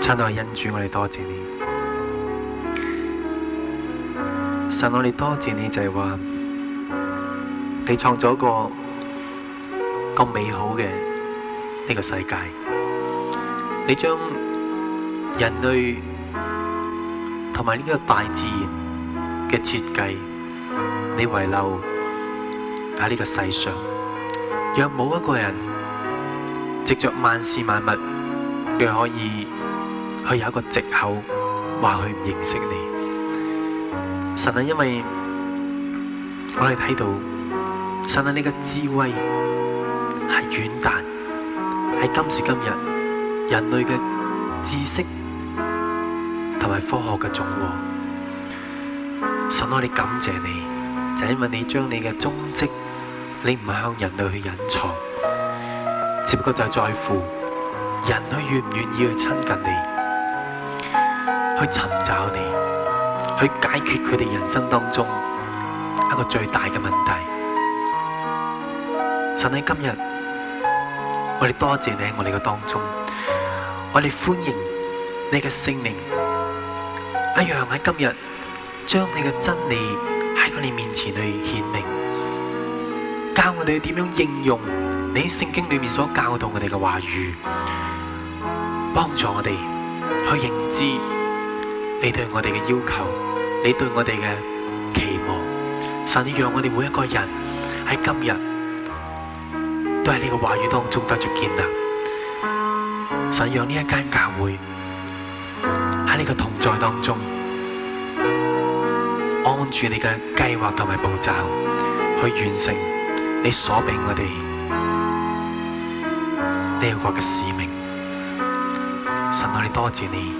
差到去恩主，我哋多謝你。神，我哋多謝你，就係話你創造一個咁美好嘅呢個世界，你將人類同埋呢個大自然。嘅設計，你遺留喺呢個世上，讓冇一個人藉著萬事萬物，佢可以去有一個藉口話佢唔認識你。神啊，因為我哋睇到神啊，呢個智慧係遠大，係今時今日人類嘅知識同埋科學嘅總和。神，我哋感謝你，就係因為你將你嘅蹤跡，你唔係向人類去隱藏，只不過就在乎人類願唔願意去親近你，去尋找你，去解決佢哋人生當中一個最大嘅問題。神喺今日，我哋多謝你喺我哋嘅當中，我哋歡迎你嘅聖靈，一樣喺今日，將你嘅真理喺我哋面前去顯明，教我哋點樣應用你喺聖經裏面所教導我哋嘅話語，幫助我哋去認知你對我哋嘅要求，你對我哋嘅期望。神讓我哋每一個人喺今日都喺呢個話語當中得着建立。神讓呢一間教會喺你嘅同在當中。按住你嘅計劃同埋步驟去完成你所俾我哋呢、這個嘅使命。神，我哋多謝你！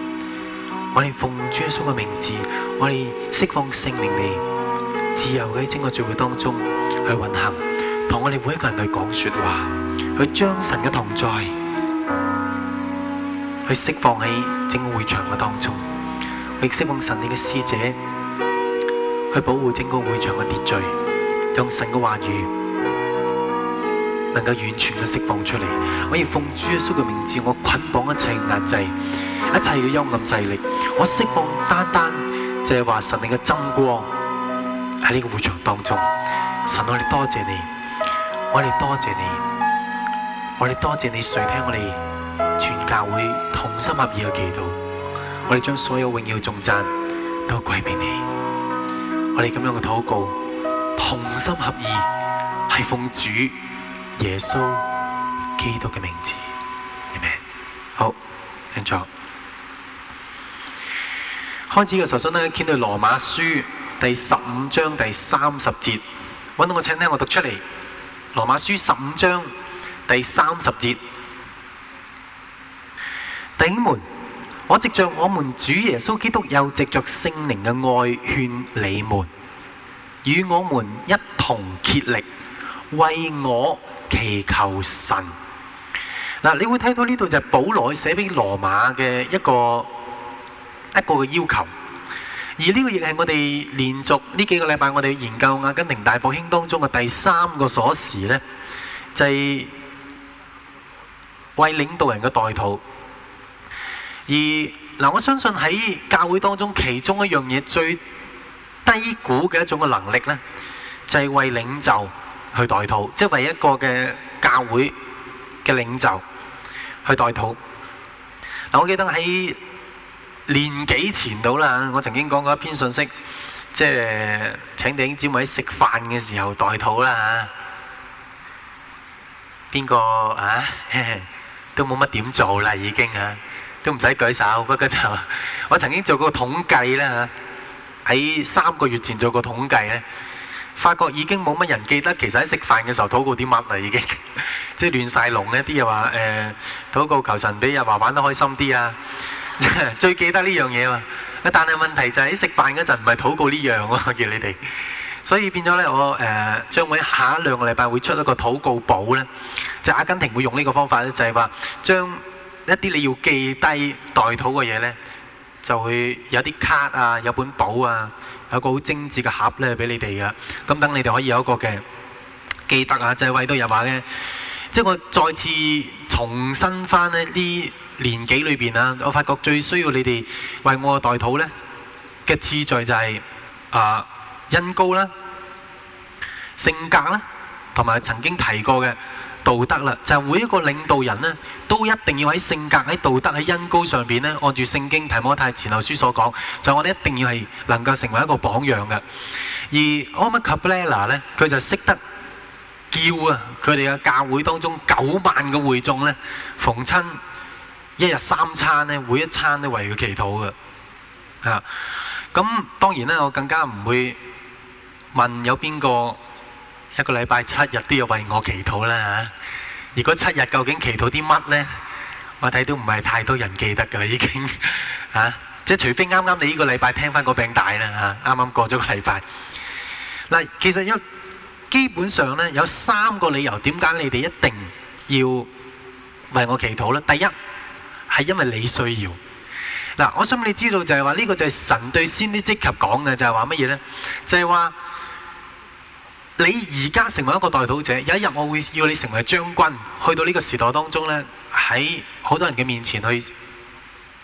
我哋奉主耶穌嘅名字，我哋釋放聖靈你自由喺整個聚會當中去運行，同我哋每一個人去講說話，去將神嘅同在去釋放喺整個會場嘅當中，我亦釋放神你嘅使者。去保護整個會場嘅秩序，用神嘅話語能夠完全嘅釋放出嚟。我要奉主耶穌嘅名字，我捆綁一切壓制、一切嘅幽暗勢力。我釋放單單就係話神你嘅真光喺呢個會場當中。神，我哋多謝你，我哋多謝你，我哋多謝你垂聽我哋全教會同心合意嘅祈禱。我哋將所有榮耀頌讚都歸俾你。我哋咁樣嘅禱告，同心合意，係奉主耶穌基督嘅名字，Amen. 好，清楚。開始嘅時候，先呢，看到羅馬書第十五章第三十節，搵到我請聽，我讀出嚟。羅馬書十五章第三十節，弟兄們我藉着我們主耶穌基督，又藉着聖靈嘅愛勸你們，與我們一同竭力為我祈求神。嗱，你會睇到呢度就係保羅寫俾羅馬嘅一個一個嘅要求，而呢個亦係我哋連續呢幾個禮拜我哋去研究阿根廷大復興當中嘅第三個鎖匙咧，就係為領導人嘅代禱。而嗱，我相信喺教會當中，其中一樣嘢最低估嘅一種嘅能力咧，就係為領袖去代禱，即係為一個嘅教會嘅領袖去代禱。嗱，我記得喺年幾前到啦，我曾經講過一篇信息，即係請弟兄姊妹食飯嘅時候代禱啦嚇。邊個啊？都冇乜點做啦，已經啊！都唔使舉手，不過就我曾經做過統計啦，喺三個月前做過統計呢，發覺已經冇乜人記得其實喺食飯嘅時候禱告啲乜啦已經，即係亂晒龍咧，啲又話誒禱告求神俾，又話玩得開心啲啊， 最記得呢樣嘢嘛，但係問題就係喺食飯嗰陣唔係禱告呢樣喎，叫你哋，所以變咗呢。我誒、呃、將會下一兩個禮拜會出一個禱告簿呢，就係、阿根廷會用呢個方法呢，就係、係、話將。一啲你要記低代禱嘅嘢呢，就會有啲卡啊，有本簿啊，有個好精緻嘅盒呢俾你哋嘅。咁等你哋可以有一個嘅記得啊，就係、是、為到入話咧。即係我再次重申返呢，呢年紀裏邊啊，我發覺最需要你哋為我嘅代禱呢嘅次序就係、是、啊，恩、呃、膏啦，性格啦，同埋曾經提過嘅。道德啦，就係每一個領導人咧，都一定要喺性格、喺道德、喺恩膏上邊咧，按住聖經提摩太前後書所講，就我哋一定要係能夠成為一個榜樣嘅。而奧麥卡布勒納咧，佢就識得叫啊，佢哋嘅教會當中九萬個會眾咧，逢親一日三餐咧，每一餐都為佢祈禱嘅。嚇，咁當然咧，我更加唔會問有邊個。一個禮拜七日都要為我祈禱啦吓，而嗰七日究竟祈禱啲乜呢？我睇到唔係太多人記得噶啦已經吓、啊，即係除非啱啱你呢個禮拜聽翻個餅帶啦吓，啱、啊、啱過咗個禮拜。嗱、啊，其實有基本上呢，有三個理由，點解你哋一定要為我祈禱呢？第一係因為你需要嗱、啊，我想你知道就係話呢個就係神對先啲職級講嘅，就係話乜嘢呢？就係、是、話。你而家成為一個代禱者，有一日我會要你成為將軍，去到呢個時代當中呢，喺好多人嘅面前去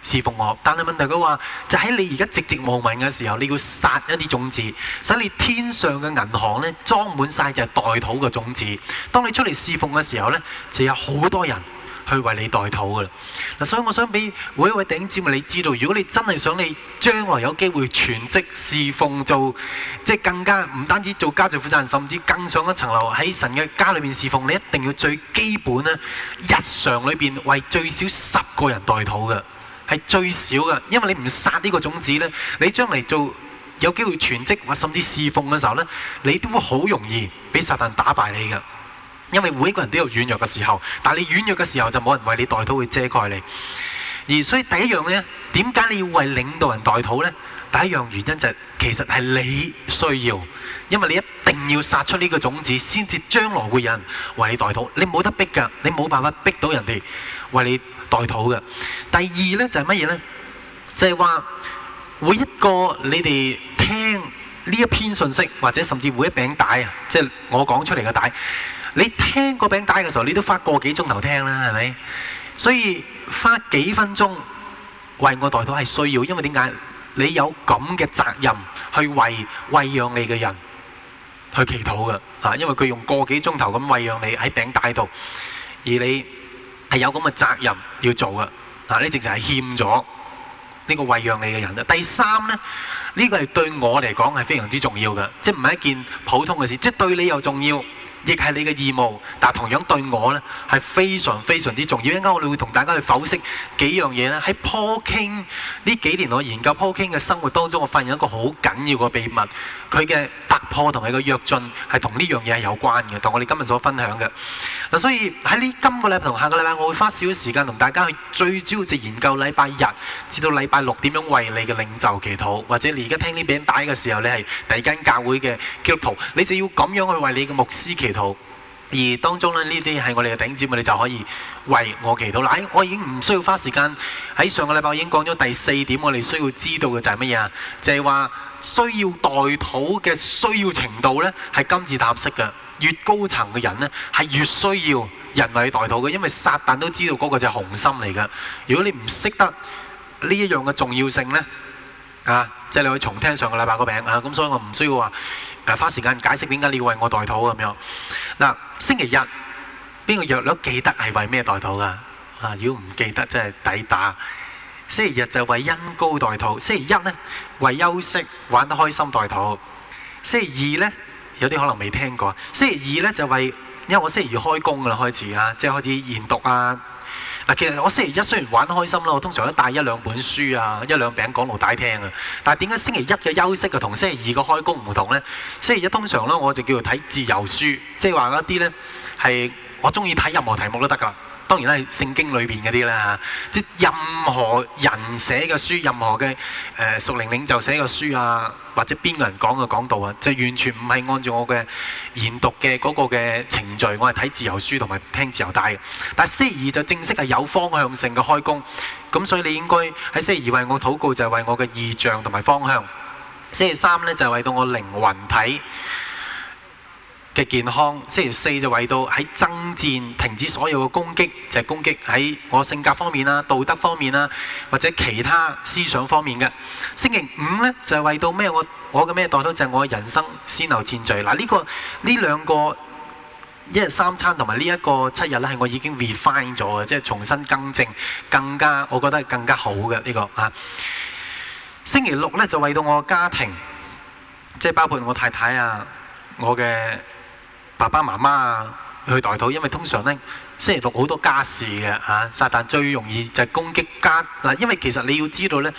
侍奉我。但係問題佢話，就喺你而家寂寂無聞嘅時候，你要撒一啲種子，使你天上嘅銀行呢裝滿晒，就係代禱嘅種子。當你出嚟侍奉嘅時候呢，就有好多人。去為你代禱嘅啦，嗱，所以我想俾每一位頂尖你知道，如果你真係想你將來有機會全職侍奉做，即更加唔單止做家族負責人，甚至更上一層樓喺神嘅家裏面侍奉，你一定要最基本呢，日常裏面為最少十個人代禱嘅，係最少嘅，因為你唔殺呢個種子呢，你將嚟做有機會全職或甚至侍奉嘅時候呢，你都會好容易俾撒旦打敗你嘅。因為每一個人都有軟弱嘅時候，但係你軟弱嘅時候就冇人為你代禱去遮蓋你。而所以第一樣咧，點解你要為領導人代禱呢？第一樣原因就係、其實係你需要，因為你一定要撒出呢個種子，先至將來會有人為你代禱。你冇得逼㗎，你冇辦法逼到人哋為你代禱嘅。第二呢就係乜嘢呢？就係、係、話每一個你哋聽呢一篇信息，或者甚至每一餅帶啊，即、就、係、係、我講出嚟嘅帶。你聽個餅帶嘅時候，你都花個幾鐘頭聽啦，係咪？所以花幾分鐘為我代禱係需要，因為點解？你有咁嘅責任去為餵養你嘅人去祈禱嘅，啊，因為佢用個幾鐘頭咁餵養你喺餅帶度，而你係有咁嘅責任要做嘅，啊，呢直情係欠咗呢個餵養你嘅人啦。第三呢，呢個係對我嚟講係非常之重要嘅，即係唔係一件普通嘅事，即係對你又重要。亦係你嘅義務，但同樣對我咧係非常非常之重要。一陣間我哋會同大家去剖析幾樣嘢咧。喺 Paul King 呢幾年我研究 Paul King 嘅生活當中，我發現一個好緊要嘅秘密，佢嘅突破同佢嘅躍進係同呢樣嘢係有關嘅。同我哋今日所分享嘅嗱，所以喺呢今個禮拜同下個禮拜，我會花少少時間同大家去最主要就研究禮拜日至到禮拜六點樣為你嘅領袖祈禱，或者你而家聽呢餅帶嘅時候，你係第二間教會嘅 group 你就要咁樣去為你嘅牧師祈禱。而當中呢啲係我哋嘅頂尖，我哋就可以為我祈禱。啦、哎、我已經唔需要花時間喺上個禮拜我已經講咗第四點，我哋需要知道嘅就係乜嘢啊？就係、是、話需要代禱嘅需要程度呢係金字塔式嘅。越高層嘅人呢係越需要人類代禱嘅，因為撒旦都知道嗰個就係紅心嚟嘅。如果你唔識得呢一樣嘅重要性呢，啊，即、就、係、是、你可以重聽上個禮拜個名啊，咁所以我唔需要話，花時間解釋點解你要為我代禱咁樣。嗱，星期日邊個約都記得係為咩代禱噶？啊，如果唔記得，真係抵打。星期日就為恩膏代禱，星期一呢，為休息玩得開心代禱。星期二呢，有啲可能未聽過。星期二呢，就為因為我星期二開,開工啦，開始啦，即係開始研讀啊。其實我星期一雖然玩得開心啦，我通常都帶一兩本書啊，一兩餅講路大聽啊。但係點解星期一嘅休息嘅同星期二嘅開工唔同咧？星期一通常咧，我就叫做睇自由書，即係話一啲咧係我中意睇任何題目都得㗎。當然啦，係聖經裏邊嗰啲啦，即任何人寫嘅書，任何嘅誒屬靈領袖寫嘅書啊，或者邊個人講嘅講道啊，就完全唔係按照我嘅研讀嘅嗰個嘅程序，我係睇自由書同埋聽自由帶嘅。但星期二就正式係有方向性嘅開工，咁所以你應該喺星期二為我禱告，就係、是、為我嘅意象同埋方向。星期三呢，就係為到我靈魂體嘅健康，星期四就為到喺爭戰停止所有嘅攻擊，就係、是、攻擊喺我性格方面啦、道德方面啦，或者其他思想方面嘅。星期五呢，就係、是、為到咩我我嘅咩代禱，就係、是、我嘅人生先流戰序。嗱、這、呢個呢兩個一日三餐同埋呢一個七日咧，係我已經 refine 咗嘅，即、就、係、是、重新更正，更加我覺得係更加好嘅呢、這個啊。星期六呢，就為到我家庭，即、就、係、是、包括我太太啊，我嘅。爸爸媽媽啊，去代禱，因為通常咧星期六好多家事嘅嚇。撒旦最容易就係攻擊家嗱，因為其實你要知道咧，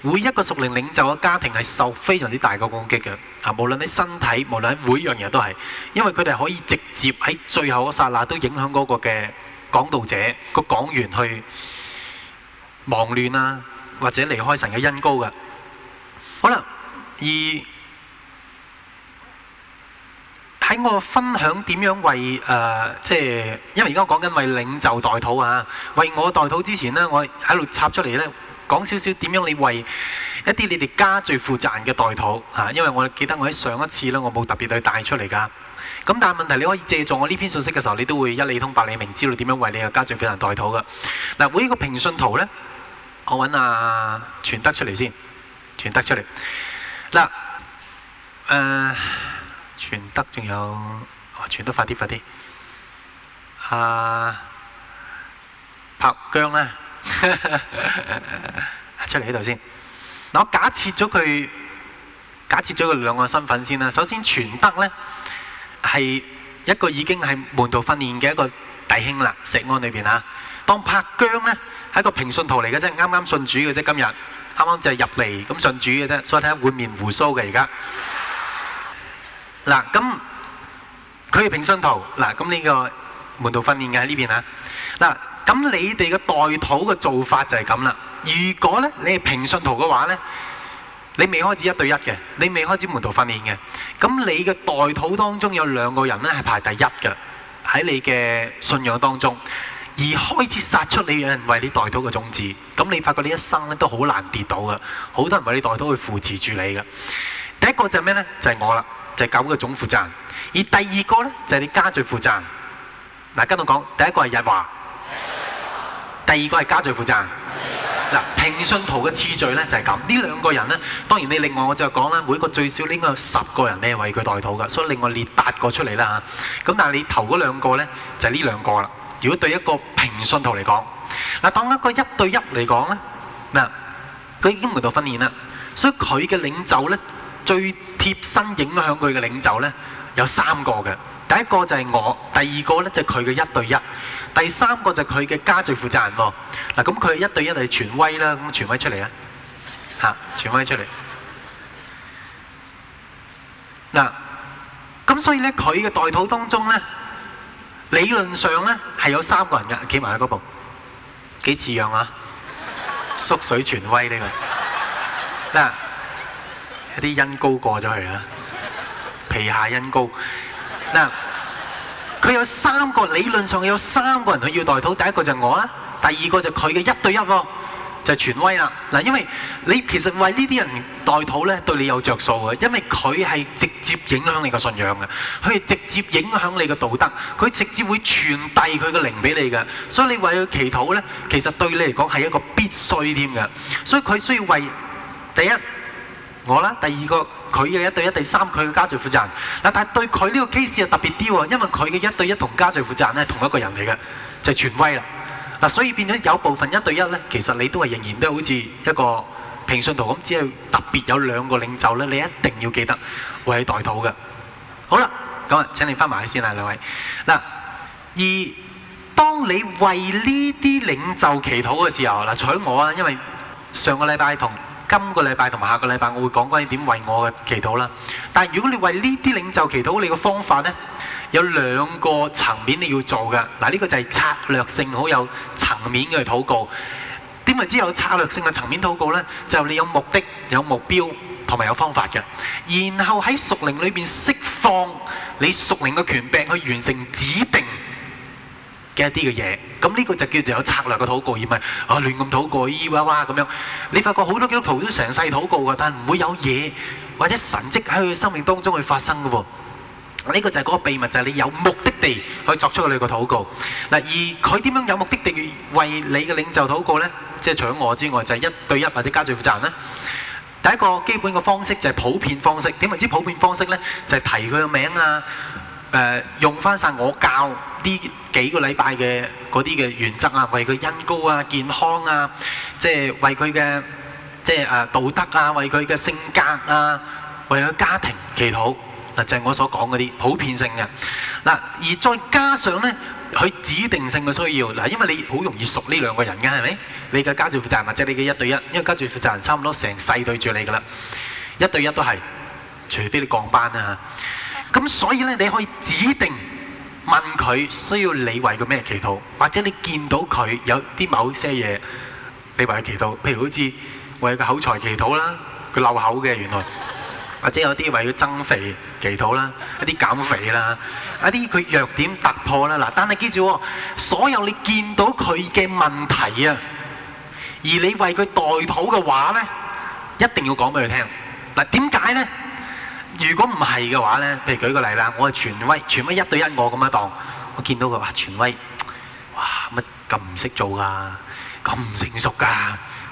每一個屬靈領袖嘅家庭係受非常之大嘅攻擊嘅嚇，無論你身體，無論喺每樣嘢都係，因為佢哋可以直接喺最後嗰剎那都影響嗰個嘅講道者個講員去忙亂啊，或者離開神嘅恩膏嘅。好啦，而喺我分享點樣為誒、呃，即係因為而家我講緊為領袖代禱啊，為我代禱之前呢，我喺度插出嚟呢，講少少點樣你為一啲你哋家最負責任嘅代禱嚇，因為我記得我喺上一次呢，我冇特別去帶出嚟噶。咁但係問題，你可以借助我呢篇信息嘅時候，你都會一理通百理明，知道點樣為你嘅家最負責人代禱噶。嗱，每一呢個評信圖呢，我揾阿全德出嚟先，全德出嚟。嗱、啊，誒、呃。傳德仲有，哦，傳德快啲快啲，阿柏姜咧，出嚟呢度先。嗱，我假設咗佢，假設咗佢兩個身份先啦。首先，傳德咧係一個已經係門徒訓練嘅一個弟兄啦，石安裏面吓。當柏姜咧係一個平信徒嚟嘅啫，啱啱信主嘅啫，今日啱啱就係入嚟咁信主嘅啫，所以睇下滿面鬍鬚嘅而家。嗱，咁佢係平信徒，嗱咁呢個門徒訓練嘅喺呢邊啊。嗱，咁你哋嘅代禱嘅做法就係咁啦。如果咧你係平信徒嘅話咧，你未開始一對一嘅，你未開始門徒訓練嘅，咁你嘅代禱當中有兩個人咧係排第一嘅，喺你嘅信仰當中而開始殺出你嘅人為你代禱嘅宗旨，咁你發覺你一生咧都好難跌倒嘅，好多人為你代禱會扶持住你嘅。第一個就係咩咧？就係我啦。就係、是、九個總負責人，而第二個呢，就係、是、你家聚負責。嗱，跟我講，第一個係日華，第二個係家聚負責。嗱，平信徒嘅次序呢，就係、是、咁。呢兩個人呢，當然你另外我就講啦，每個最少應該有十個人你係為佢代禱嘅，所以另外列八個出嚟啦嚇。咁、啊、但係你頭嗰兩個咧就係呢兩個啦。如果對一個平信徒嚟講，嗱，當一個一對一嚟講呢，嗱，佢已經回到訓練啦，所以佢嘅領袖呢。最。貼身影響佢嘅領袖咧，有三個嘅。第一個就係我，第二個咧就係佢嘅一對一，第三個就係佢嘅家族負責人喎。嗱，咁佢一對一係權威啦，咁權威出嚟啊，嚇，權威出嚟。嗱，咁所以咧，佢嘅代禱當中咧，理論上咧係有三個人嘅，企埋喺嗰度，幾似樣啊？縮水權威呢個，嗱。一啲恩膏過咗去啦，皮下恩膏嗱，佢有三個，理論上有三個人，佢要代禱，第一個就係我啦，第二個就係佢嘅一對一喎，就係權威啦嗱，因為你其實為呢啲人代禱咧，對你有着數嘅，因為佢係直接影響你嘅信仰嘅，佢係直接影響你嘅道德，佢直接會傳遞佢嘅靈俾你嘅，所以你為佢祈禱咧，其實對你嚟講係一個必須添㗎，所以佢需要為第一。我啦，第二個佢嘅一對一，第三佢嘅家聚負責人嗱，但係對佢呢個 case 啊特別啲喎，因為佢嘅一對一同家聚負責人咧係同一個人嚟嘅，就係權威啦嗱，所以變咗有部分一對一咧，其實你都係仍然都好似一個平信徒咁，只係特別有兩個領袖咧，你一定要記得為你代禱嘅。好啦，咁啊請你翻埋去先啊兩位嗱，而當你為呢啲領袖祈禱嘅時候嗱，除咗我啊，因為上個禮拜同。今個禮拜同埋下個禮拜，我會講關於點為我嘅祈禱啦。但係如果你為呢啲領袖祈禱，你嘅方法咧，有兩個層面你要做嘅。嗱，呢個就係策略性好有層面嘅禱告。點為之有策略性嘅層面禱告咧？就係你有目的、有目標同埋有方法嘅，然後喺屬靈裏邊釋放你屬靈嘅權柄去完成指定嘅一啲嘅嘢，咁呢個就叫做有策略嘅禱告，而唔係啊亂咁禱告咿哇哇咁樣。你發覺好多基督徒都成世禱告㗎，但係唔會有嘢或者神蹟喺佢生命當中去發生嘅喎。呢個就係嗰個秘密，就係你有目的地去作出你個禱告嗱。而佢點樣有目的地為你嘅領袖禱告咧？即係除咗我之外，就係一對一或者家最負責啦。第一個基本嘅方式就係普遍方式，點為之普遍方式咧？就係提佢個名啊。誒用翻晒我教呢幾個禮拜嘅嗰啲嘅原則啊，為佢恩膏啊、健康啊，即係為佢嘅即係誒道德啊，為佢嘅性格啊，為佢家庭祈禱嗱，就係、是、我所講嗰啲普遍性嘅嗱，而再加上咧佢指定性嘅需要嗱，因為你好容易熟呢兩個人嘅係咪？你嘅家主負責人或者你嘅一對一，因為家主負責人差唔多成世對住你噶啦，一對一都係，除非你降班啊。咁所以咧，你可以指定問佢需要你為佢咩祈禱，或者你見到佢有啲某些嘢，你為佢祈禱，譬如好似為佢口才祈禱啦，佢漏口嘅原來，或者有啲為佢增肥祈禱啦，一啲減肥啦，一啲佢弱點突破啦。嗱，但係記住，所有你見到佢嘅問題啊，而你為佢代禱嘅話咧，一定要講俾佢聽。嗱，點解咧？如果唔係嘅話呢，譬如舉個例啦，我係傳威，傳威一對一我咁樣當，我見到佢話傳威，哇乜咁唔識做噶，咁唔成熟噶，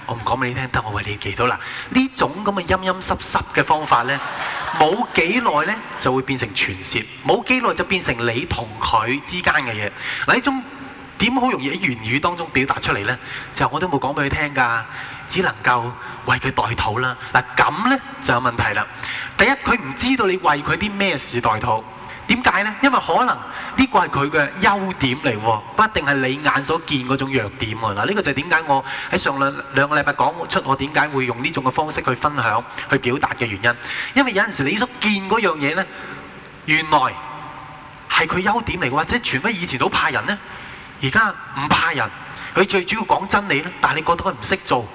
我唔講俾你聽，得我為你祈禱啦。呢種咁嘅陰陰濕濕嘅方法呢，冇幾耐呢就會變成傳舌，冇幾耐就變成你同佢之間嘅嘢。嗱，呢種點好容易喺言語當中表達出嚟呢？就係、我都冇講俾佢聽㗎。只能夠為佢代禱啦。嗱，咁呢就有問題啦。第一，佢唔知道你為佢啲咩事代禱。點解呢？因為可能呢個係佢嘅優點嚟，不一定係你眼所見嗰種弱點喎。嗱，呢個就係點解我喺上兩兩個禮拜講出我點解會用呢種嘅方式去分享、去表達嘅原因。因為有陣時你所見嗰樣嘢呢，原來係佢優點嚟嘅，或者傳翻以前都怕人呢，而家唔怕人。佢最主要講真理呢，但係你覺得佢唔識做。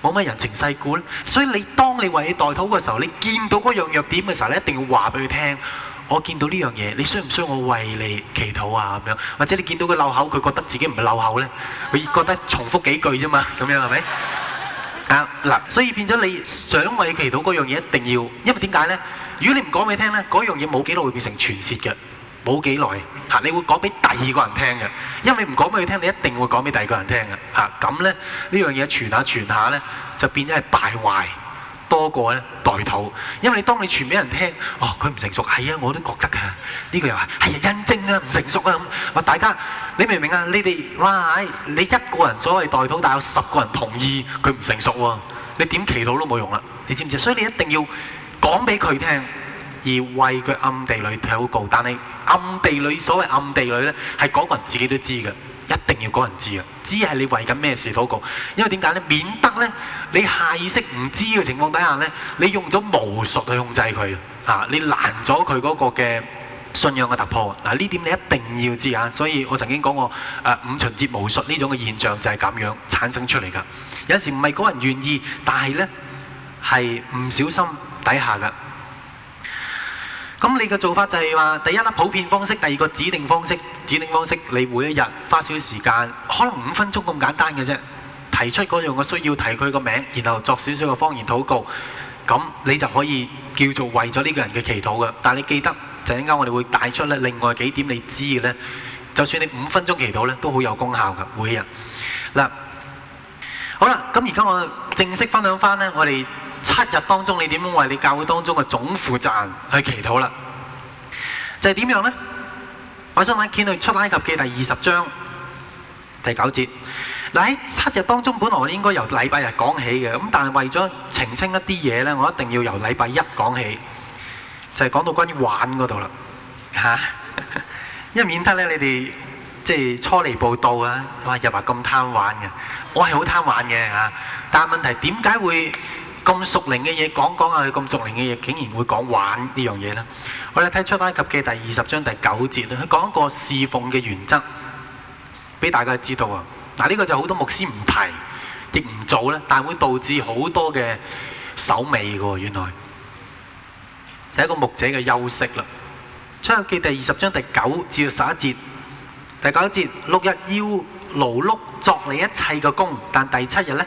冇乜人情世故咧，所以你當你為你代禱嘅時候，你見到嗰樣弱點嘅時候，你一定要話俾佢聽。我見到呢樣嘢，你需唔需要我為你祈禱啊？咁樣，或者你見到佢漏口，佢覺得自己唔係漏口咧，佢覺得重複幾句啫嘛，咁樣係咪？啊嗱，所以變咗你想為你祈禱嗰樣嘢，一定要，因為點解咧？如果你唔講俾佢聽咧，嗰樣嘢冇幾耐會變成傳説嘅。冇幾耐嚇，你會講俾第二個人聽嘅，因為你唔講俾佢聽，你一定會講俾第二個人聽嘅嚇。咁咧，呢樣嘢傳下傳下咧，就變咗係敗壞多過咧代禱，因為你當你傳俾人聽，哦，佢唔成熟，係啊，我都覺得㗎。呢個又話，係啊，印證啊唔成熟啊咁。話大家你明唔明啊？你哋哇，唉，你一個人所謂代禱，但有十個人同意佢唔成熟喎，你點祈禱都冇用啦。你知唔知？所以你一定要講俾佢聽。而為佢暗地裏禱告，但係暗地裏所謂暗地裏咧，係嗰個人自己都知嘅，一定要嗰人知嘅，知係你為緊咩事禱告。因為點解咧？免得咧，你下意識唔知嘅情況底下咧，你用咗巫術去控制佢啊！你攔咗佢嗰個嘅信仰嘅突破。嗱，呢點你一定要知啊！所以我曾經講過誒五旬節巫術呢種嘅現象就係咁樣產生出嚟㗎。有時唔係嗰人願意，但係咧係唔小心底下㗎。咁你嘅做法就係話，第一粒普遍方式，第二個指定方式。指定方式，你每一日花少少時間，可能五分鐘咁簡單嘅啫。提出嗰樣嘅需要，提佢個名，然後作少少嘅方言禱告，咁你就可以叫做為咗呢個人嘅祈禱嘅。但你記得，就陣間，我哋會帶出咧另外幾點，你知嘅咧，就算你五分鐘祈禱咧，都好有功效嘅，每一日。嗱，好啦，咁而家我正式分享翻咧，我哋。七日當中，你點樣為你教會當中嘅總負責人去祈禱啦？就係點樣呢？我想揾見到出埃及記第二十章第九節。嗱，喺七日當中，本來我應該由禮拜日講起嘅，咁但係為咗澄清一啲嘢呢，我一定要由禮拜一講起，就係、是、講到關於玩嗰度啦，嚇、啊！因為免得咧你哋即係初嚟報到啊，又話咁貪玩嘅。我係好貪玩嘅嚇，但係問題點解會？咁熟靈嘅嘢講講下，佢咁熟靈嘅嘢竟然會講玩呢樣嘢咧？我哋睇出埃及記第二十章第九節咧，佢講一個侍奉嘅原則，俾大家知道啊！嗱，呢個就好多牧師唔提，亦唔做咧，但會導致好多嘅手尾喎。原來第一個牧者嘅休息啦，《出埃及記》第二十章第九至到十一節，第九節六日要勞碌作你一切嘅工，但第七日咧。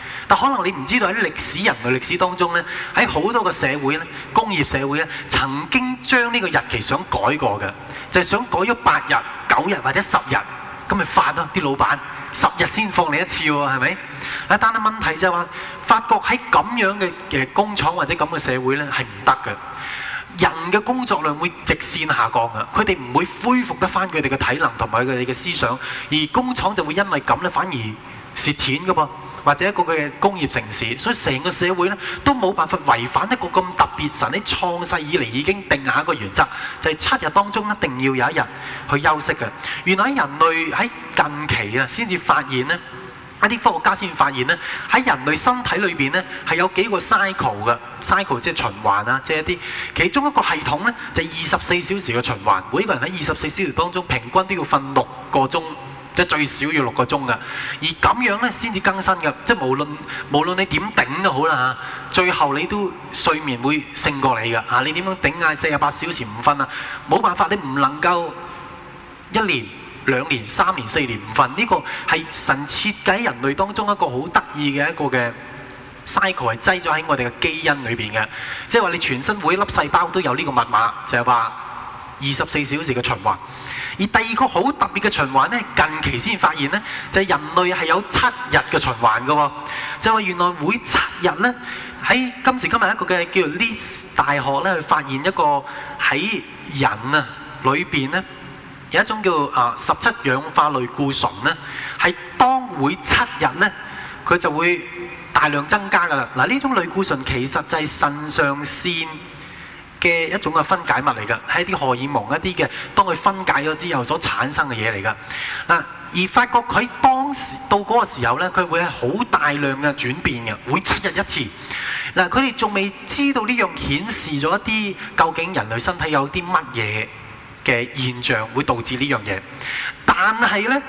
但可能你唔知道喺歷史人類歷史當中呢，喺好多個社會呢，工業社會呢，曾經將呢個日期想改過嘅，就係、是、想改咗八日、九日或者十日，咁咪發咯啲老闆，十日先放你一次喎，係咪？但係問題啫、就、嘛、是，發覺喺咁樣嘅工廠或者咁嘅社會呢，係唔得嘅，人嘅工作量會直線下降嘅，佢哋唔會恢復得返佢哋嘅體能同埋佢哋嘅思想，而工廠就會因為咁呢，反而蝕錢嘅噃。或者一個嘅工業城市，所以成個社會咧都冇辦法違反一個咁特別神喺創世以嚟已經定下一個原則，就係、是、七日當中一定要有一日去休息嘅。原來喺人類喺近期啊，先至發現呢，一啲科學家先發現呢，喺人類身體裏面呢，係有幾個 cycle 嘅 cycle，即係循環啊，即係一啲其中一個系統呢，就係二十四小時嘅循環，每個人喺二十四小時當中平均都要瞓六個鐘。即最少要六個鐘噶，而咁樣呢，先至更新噶。即係無論無論你點頂都好啦，嚇，最後你都睡眠會勝過你噶，嚇。你點樣頂嗌四十八小時唔瞓啊？冇辦法，你唔能夠一年、兩年、三年、四年唔瞓。呢個係神設計人類當中一個好得意嘅一個嘅 cycle，係擠咗喺我哋嘅基因裏邊嘅。即係話你全身每一粒細胞都有呢個密碼，就係話二十四小時嘅循環。而第二個好特別嘅循環咧，近期先發現呢，就係、是、人類係有七日嘅循環嘅喎，哦，就話原來每七日呢，喺今時今日一個嘅叫 Leeds 大學咧，發現一個喺人啊裏邊呢，有一種叫啊十七氧化類固醇呢，係當每七日呢，佢就會大量增加噶啦。嗱，呢種類固醇其實就係腎上腺。嘅一種嘅分解物嚟噶，係一啲荷爾蒙一啲嘅，當佢分解咗之後所產生嘅嘢嚟噶。而發覺佢當時到嗰個時候呢，佢會係好大量嘅轉變嘅，會七日一次。嗱，佢哋仲未知道呢樣顯示咗一啲究竟人類身體有啲乜嘢嘅現象會導致呢樣嘢。但係呢，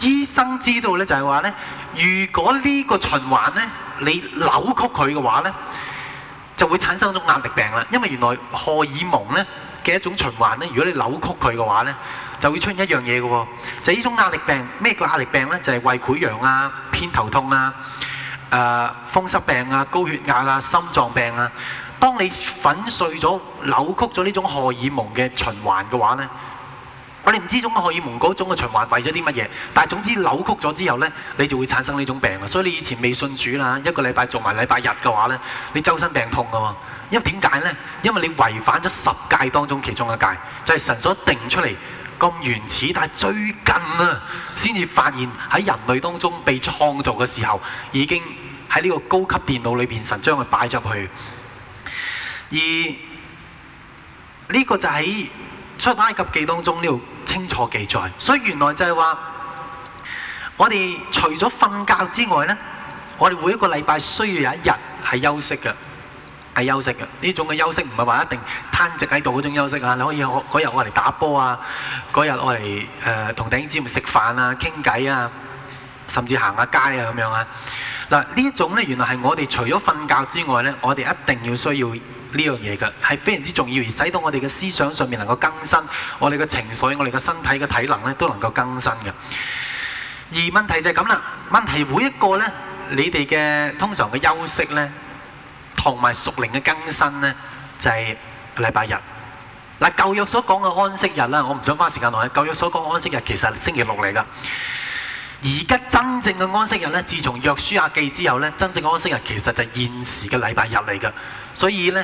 醫生知道呢，就係話呢：如果呢個循環呢，你扭曲佢嘅話呢。就會產生一種壓力病啦，因為原來荷爾蒙咧嘅一種循環咧，如果你扭曲佢嘅話咧，就會出現一樣嘢嘅喎，就係、是、呢種壓力病。咩叫壓力病咧？就係、是、胃潰瘍啊、偏頭痛啊、誒、呃、風濕病啊、高血壓啊、心臟病啊。當你粉碎咗、扭曲咗呢種荷爾蒙嘅循環嘅話咧。我哋唔知中咗荷爾蒙嗰種嘅循環為咗啲乜嘢，但係總之扭曲咗之後呢，你就會產生呢種病。所以你以前未信主啦，一個禮拜做埋禮拜日嘅話呢，你周身病痛噶嘛，因為點解呢？因為你違反咗十戒當中其中一戒，就係神所定出嚟咁原始，但係最近啊，先至發現喺人類當中被創造嘅時候，已經喺呢個高級電腦裏面，神將佢擺入去。而呢個就喺～出埃及記當中呢度清楚記載，所以原來就係話，我哋除咗瞓覺之外呢，我哋每一個禮拜需要有一日係休息嘅，係休息嘅。呢種嘅休息唔係話一定攤直喺度嗰種休息啊，你可以嗰日我嚟打波啊，嗰日我嚟誒同弟兄姊妹食飯啊、傾偈啊，甚至行下街啊咁樣啊。嗱，呢種呢，原來係我哋除咗瞓覺之外呢，我哋一定要需要。呢樣嘢嘅係非常之重要，而使到我哋嘅思想上面能夠更新，我哋嘅情緒、我哋嘅身體嘅體能咧都能夠更新嘅。而問題就係咁啦，問題每一個呢，你哋嘅通常嘅休息呢，同埋屬靈嘅更新呢，就係禮拜日。嗱，舊約所講嘅安息日啦，我唔想花時間同你講，舊約所講嘅安息日其實星期六嚟㗎。而家真正嘅安息日咧，自從約書亞記之後咧，真正嘅安息日其實就係現時嘅禮拜日嚟噶。所以咧，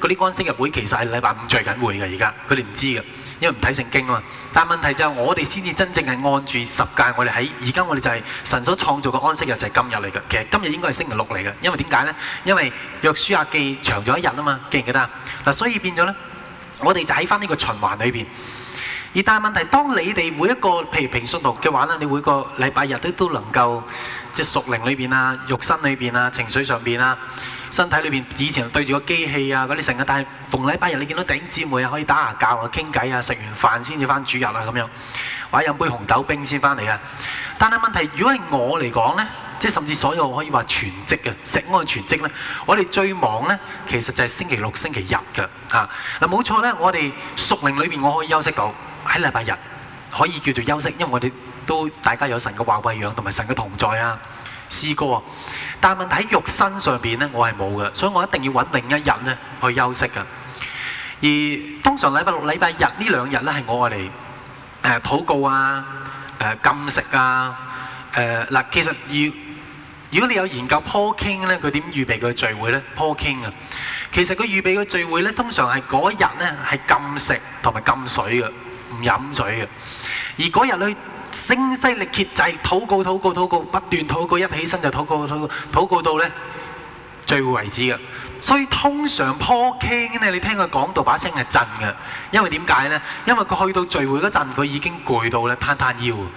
嗰啲安息日會其實係禮拜五最緊會嘅。而家佢哋唔知嘅，因為唔睇聖經啊嘛。但問題就係我哋先至真正係按住十戒，在我哋喺而家我哋就係神所創造嘅安息日就係今日嚟嘅。其實今日應該係星期六嚟嘅，因為點解咧？因為約書亞記長咗一日啊嘛，記唔記得啊？嗱，所以變咗咧，我哋就喺翻呢個循環裏邊。而但係問題，當你哋每一個，譬如平信徒嘅話咧，你每個禮拜日都都能夠，即係屬靈裏邊啊、肉身裏邊啊、情緒上邊啊、身體裏邊，以前對住個機器啊嗰啲成日，但係逢禮拜日你見到弟兄姊妹啊可以打下牙鉸啊、傾偈啊、食完飯先至返主日啊咁樣，或者飲杯紅豆冰先返嚟啊。但係問題，如果係我嚟講咧，即係甚至所有可以話全職嘅食安全職咧，我哋最忙咧，其實就係星期六、星期日嘅㗎。嗱，冇錯咧，我哋屬靈裏邊我可以休息到。喺禮拜日可以叫做休息，因為我哋都大家有神嘅話餵養，同埋神嘅同在啊。詩歌，但係問題喺肉身上邊咧，我係冇嘅，所以我一定要揾另一日咧去休息嘅。而通常禮拜六、禮拜日呢兩日咧，係我哋誒禱告啊、誒禁食啊、誒嗱。其實要如果你有研究 Paul King 咧，佢點預備佢嘅聚會咧 Paul King 啊。其實佢預備佢嘅聚會咧，通常係嗰日咧係禁食同埋禁水嘅。唔飲水嘅，而嗰日佢聲嘶力竭，就係禱告、禱告、禱告，不斷禱告，一起身就禱告、禱告、禱告到呢，聚會為止嘅。所以通常 Paul King 你聽佢講道把聲係震嘅，因為點解呢？因為佢去到聚會嗰陣，佢已經攰到呢，攤攤腰了，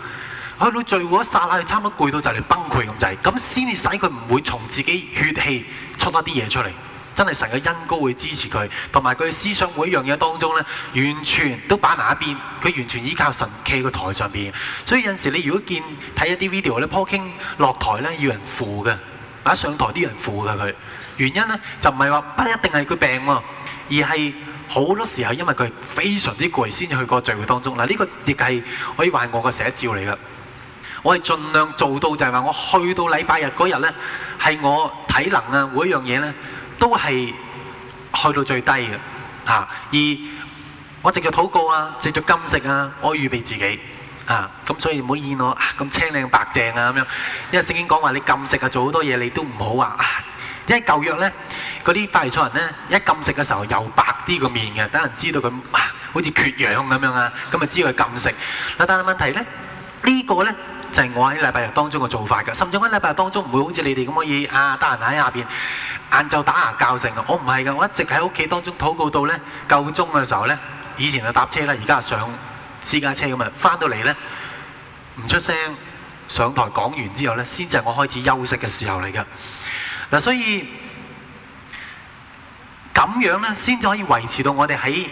去到聚會一霎那，差唔多攰到就嚟崩潰咁滯，咁先至使佢唔會從自己血氣出多啲嘢出嚟。真係成嘅恩膏會支持佢，同埋佢思想每一樣嘢當中呢，完全都擺埋一邊，佢完全依靠神企個台上邊。所以有陣時候你如果見睇一啲 video 咧 p a King 落台呢要人扶嘅，一上台啲人扶嘅佢。原因呢，就唔係話不一定係佢病喎、啊，而係好多時候因為佢非常之攰，先至去個聚會當中嗱。呢、這個亦係可以話係我嘅寫照嚟嘅。我係盡量做到就係話，我去到禮拜日嗰日呢，係我體能啊，每一樣嘢呢。都係去到最低嘅，啊！而我持續禱告啊，持續禁食啊，我預備自己，啊！咁所以唔好掩我咁青靚白淨啊咁樣，因為聖經講話你禁食啊，做好多嘢你都唔好話啊，啊，因為舊約咧，嗰啲法利賽人咧，一禁食嘅時候又白啲個面嘅，等人知道佢、啊，好似缺氧咁樣啊，咁啊知佢禁食，嗱，但係問題咧，這個、呢個咧。就係、是、我喺禮拜日當中嘅做法嘅，甚至我喺禮拜日當中唔會好似你哋咁可以啊，得閒喺下邊晏晝打下交成嘅。我唔係嘅，我一直喺屋企當中禱告到咧夠鐘嘅時候咧，以前就搭車啦，而家係上私家車咁啊，翻到嚟咧唔出聲，上台講完之後咧，先至係我開始休息嘅時候嚟嘅嗱，所以咁樣咧先至可以維持到我哋喺。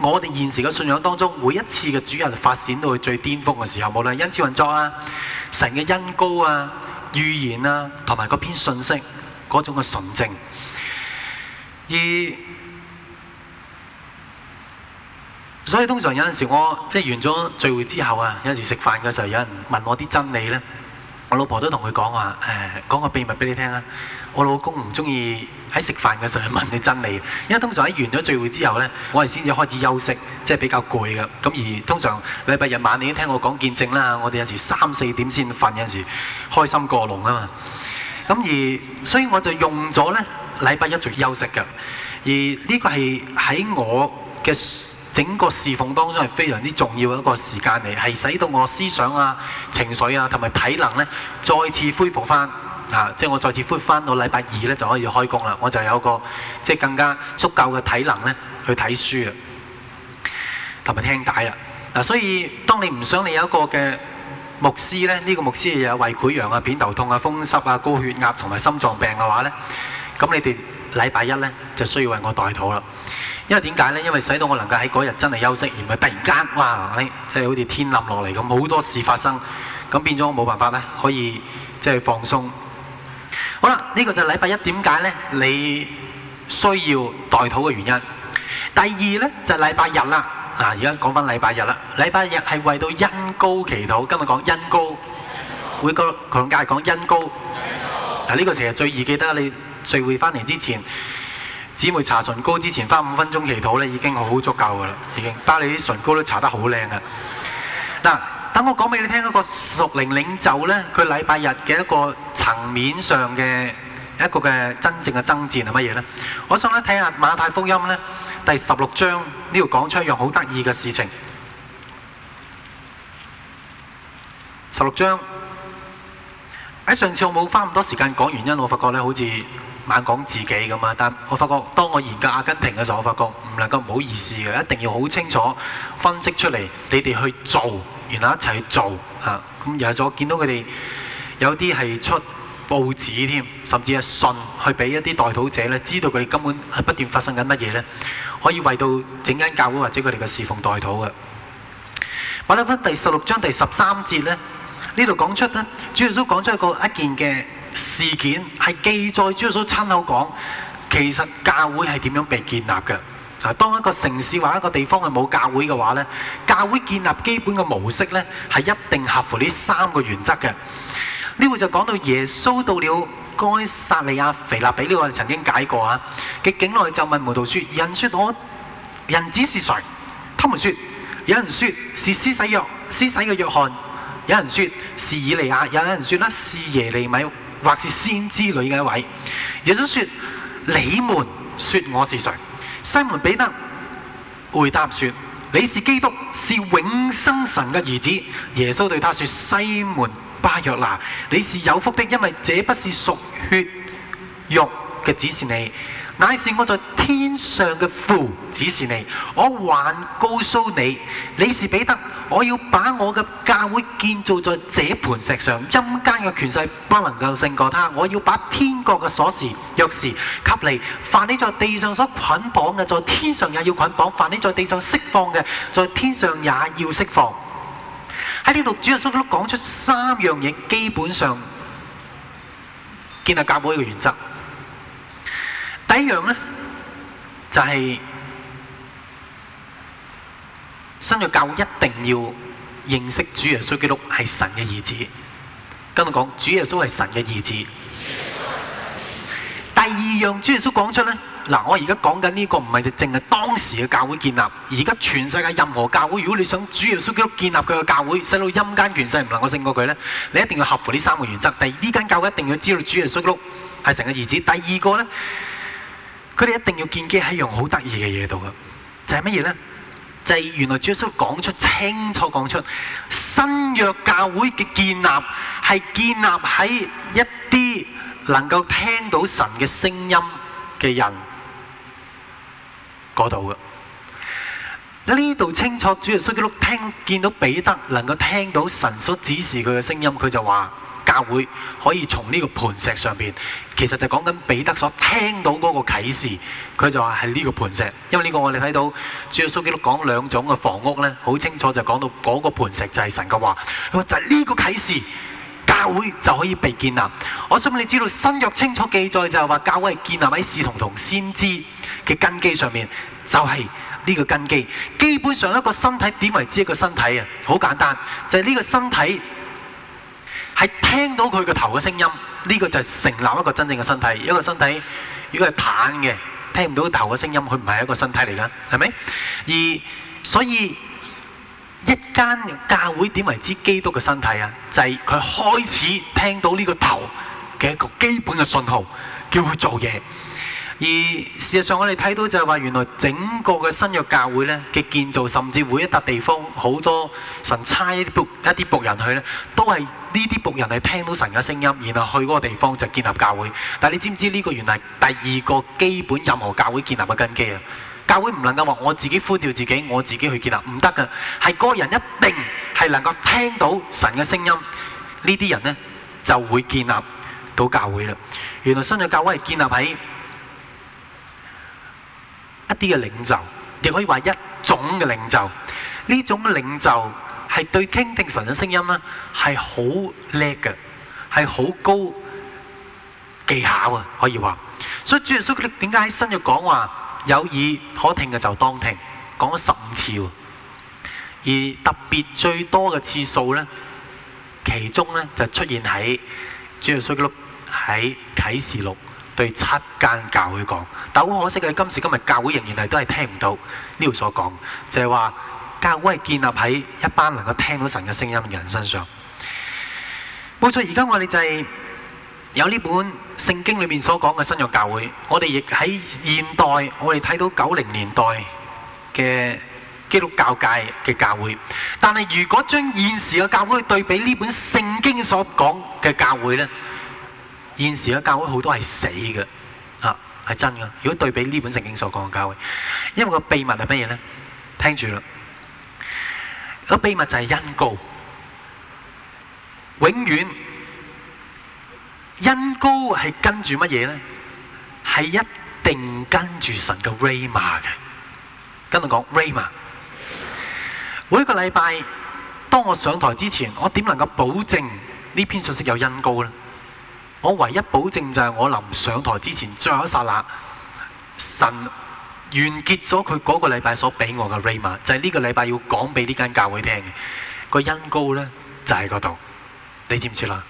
我哋現時嘅信仰當中，每一次嘅主人發展到去最巔峯嘅時候，無論恩賜運作啊、神嘅恩膏啊、預言啊，同埋嗰篇信息嗰種嘅純正。而所以通常有陣時候我，我即係完咗聚會之後啊，有陣時食飯嘅時候，有人問我啲真理呢，我老婆都同佢講話，誒、哎、講個秘密俾你聽啊！我老公唔中意喺食飯嘅時候問你真理，因為通常喺完咗聚會之後呢，我係先至開始休息，即係比較攰嘅。咁而通常禮拜日晚，你聽我講見證啦，我哋有時三四點先瞓，有時開心過龍啊嘛。咁而所以我就用咗呢禮拜一做休息嘅，而呢個係喺我嘅整個侍奉當中係非常之重要嘅一個時間嚟，係使到我思想啊、情緒啊同埋體能呢再次恢復翻。啊！即係我再次恢復翻，到禮拜二咧就可以開工啦。我就有個即係更加足夠嘅體能咧去睇書啊，同埋聽解啊。嗱，所以當你唔想你有一個嘅牧師咧，呢個牧師又有胃潰瘍啊、扁頭痛啊、風濕啊、高血壓同埋心臟病嘅話咧，咁你哋禮拜一咧就需要為我代禱啦。因為點解咧？因為使到我能夠喺嗰日真係休息，而唔係突然間哇！即係好似天冧落嚟咁，好多事發生，咁變咗我冇辦法咧，可以即係放鬆。好啦，呢個就係禮拜一點解呢？你需要代禱嘅原因。第二呢，就係禮拜日啦。嗱，而家講翻禮拜日啦。禮拜日係為到因高祈禱。今日講因高，會個強戒講因高。嗱，呢個成日最易記得。你聚會翻嚟之前，姊妹搽唇膏之前，花五分鐘祈禱呢，已經好足夠噶啦，已經。包你啲唇膏都搽得好靚噶。嗱。等我講俾你聽，一個屬靈領袖咧，佢禮拜日嘅一個層面上嘅一個嘅真正嘅爭戰係乜嘢咧？我想咧睇下馬太福音咧第十六章呢度講出一樣好得意嘅事情。十六章喺上次我冇花咁多時間講原因，我發覺咧好似猛講自己咁啊。但係我發覺當我研究阿根廷嘅時候，我發覺唔能夠唔好意思嘅，一定要好清楚分析出嚟，你哋去做。然後一齊去做嚇，咁又係所見到佢哋有啲係出報紙添，甚至係信去俾一啲代禱者咧，知道佢哋根本係不斷發生緊乜嘢咧，可以為到整間教會或者佢哋嘅侍奉代禱嘅。馬太福音第十六章第十三節咧，呢度講出咧，主耶穌講出一個一件嘅事件，係記載主耶穌親口講，其實教會係點樣被建立嘅。當一個城市或一個地方係冇教會嘅話呢，教會建立基本嘅模式呢，係一定合乎呢三個原則嘅。呢個就講到耶穌到了該撒利亞腓立比，呢個我曾經解過啊。佢境內就問門徒説：人説我人子是誰？他們説：有人説是施洗約施洗嘅約翰，有人説是以利亞，有人説啦是耶利米或是先知裏嘅一位。耶穌説：你們説我是誰？西門彼得回答說：你是基督，是永生神的兒子。耶穌對他說：西門巴約拿，你是有福的，因為這不是屬血肉的指示你。乃是我在天上嘅父指示你，我還告訴你，你是彼得，我要把我嘅教會建造在這磐石上，陰間嘅權勢不能夠勝過他。我要把天國嘅鎖匙、鑰匙給你，凡你在地上所捆綁嘅，在、就是、天上也要捆綁；凡你在地上釋放嘅，在、就是、天上也要釋放。喺呢度，主耶穌都講出三樣嘢，基本上建立教會嘅原則。第一樣呢，就係、是、新約教會一定要認識主耶穌基督係神嘅兒子。跟我講，主耶穌係神嘅兒，兒子。第二樣，主耶穌講出呢，嗱，我而家講緊呢個唔係淨係當時嘅教會建立，而家全世界任何教會，如果你想主耶穌基督建立佢嘅教會，世道陰間權勢唔能夠勝過佢呢，你一定要合乎呢三個原則。第二，呢間教會一定要知道主耶穌基督係神嘅兒子。第二個呢。佢哋一定要建基喺一樣好得意嘅嘢度噶，就係乜嘢咧？就係原來主耶穌講出清楚講出新約教會嘅建立係建立喺一啲能夠聽到神嘅聲音嘅人嗰度噶。呢度清楚，主耶穌基督聽見到彼得能夠聽到神所指示佢嘅聲音，佢就話。教會可以從呢個磐石上邊，其實就講緊彼得所聽到嗰個啟示，佢就話係呢個磐石。因為呢個我哋睇到，主耶穌基督講兩種嘅房屋呢，好清楚就講到嗰個磐石就係神嘅話，佢話就係、是、呢個啟示，教會就可以被建立。我想你知道新約清楚記載就話教會係建立喺使徒同先知嘅根基上面，就係、是、呢個根基。基本上一個身體點為之一個身體啊？好簡單，就係、是、呢個身體。係聽到佢個頭嘅聲音，呢、這個就係成立一個真正嘅身體。身體，一個身體如果係癱嘅，聽唔到頭嘅聲音，佢唔係一個身體嚟㗎，係咪？而所以一間教會點為之基督嘅身體啊？就係、是、佢開始聽到呢個頭嘅一個基本嘅信號，叫佢做嘢。而事實上，我哋睇到就係話，原來整個嘅新約教會呢嘅建造，甚至每一笪地方，好多神差一啲僕一啲僕人去呢，都係呢啲僕人係聽到神嘅聲音，然後去嗰個地方就建立教會。但你知唔知呢個原來第二個基本任何教會建立嘅根基啊？教會唔能夠話我自己呼召自己，我自己去建立，唔得㗎。係嗰個人一定係能夠聽到神嘅聲音，呢啲人呢就會建立到教會啦。原來新約教會係建立喺。一啲嘅領袖，亦可以話一種嘅領袖。呢種領袖係對傾聽神嘅聲音咧，係好叻嘅，係好高技巧啊，可以話。所以主耶穌點解喺新約講話有耳可聽嘅就當聽，講咗十五次。而特別最多嘅次數咧，其中咧就出現喺主耶穌喺啟示錄，對七間教會講，但好可惜嘅，今時今日教會仍然係都係聽唔到呢度所講，就係話教會係建立喺一班能夠聽到神嘅聲音嘅人身上。冇錯，而家我哋就係有呢本聖經裏面所講嘅新約教會，我哋亦喺現代，我哋睇到九零年代嘅基督教界嘅教會。但係如果將現時嘅教會對比呢本聖經所講嘅教會呢？現時嘅教會好多係死嘅，啊係真嘅。如果對比呢本聖經所講嘅教會，因為個秘密係乜嘢咧？聽住啦，個秘密就係恩膏，永遠恩膏係跟住乜嘢咧？係一定跟住神嘅 Rayma 嘅。跟我講 Rayma，每個禮拜當我上台之前，我點能夠保證呢篇信息有恩膏咧？我唯一保證就係我臨上台之前最後一剎那，神完結咗佢嗰個禮拜所畀我嘅 rhema，就係呢個禮拜要講畀呢間教會聽嘅個恩膏咧，就喺嗰度。你知唔知啦？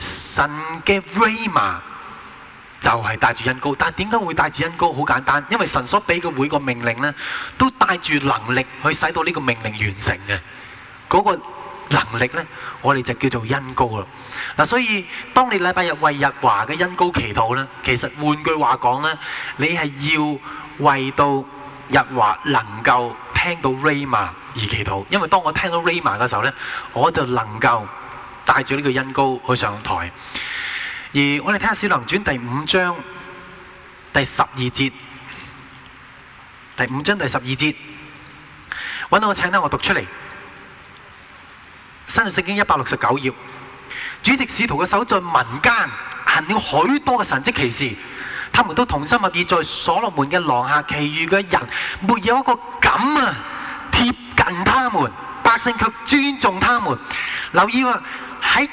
神嘅 rhema 就係帶住恩膏，但係點解會帶住恩膏？好簡單，因為神所畀嘅每個命令呢，都帶住能力去使到呢個命令完成嘅嗰個能力咧，我哋就叫做恩膏咯。嗱，所以當你禮拜日為日華嘅恩膏祈禱咧，其實換句話講咧，你係要為到日華能夠聽到 Rhema 而祈禱。因為當我聽到 Rhema 嘅時候咧，我就能夠帶住呢個恩膏去上台。而我哋睇下《小林傳》第五章第十二節，第五章第十二節，揾到我請咧，我讀出嚟。新約聖經一百六十九頁，主藉使徒嘅手在民間行了許多嘅神迹奇事，他們都同心合意在所羅門嘅廊下，其餘嘅人沒有一個敢啊貼近他們，百姓却尊重他們。留意啊，喺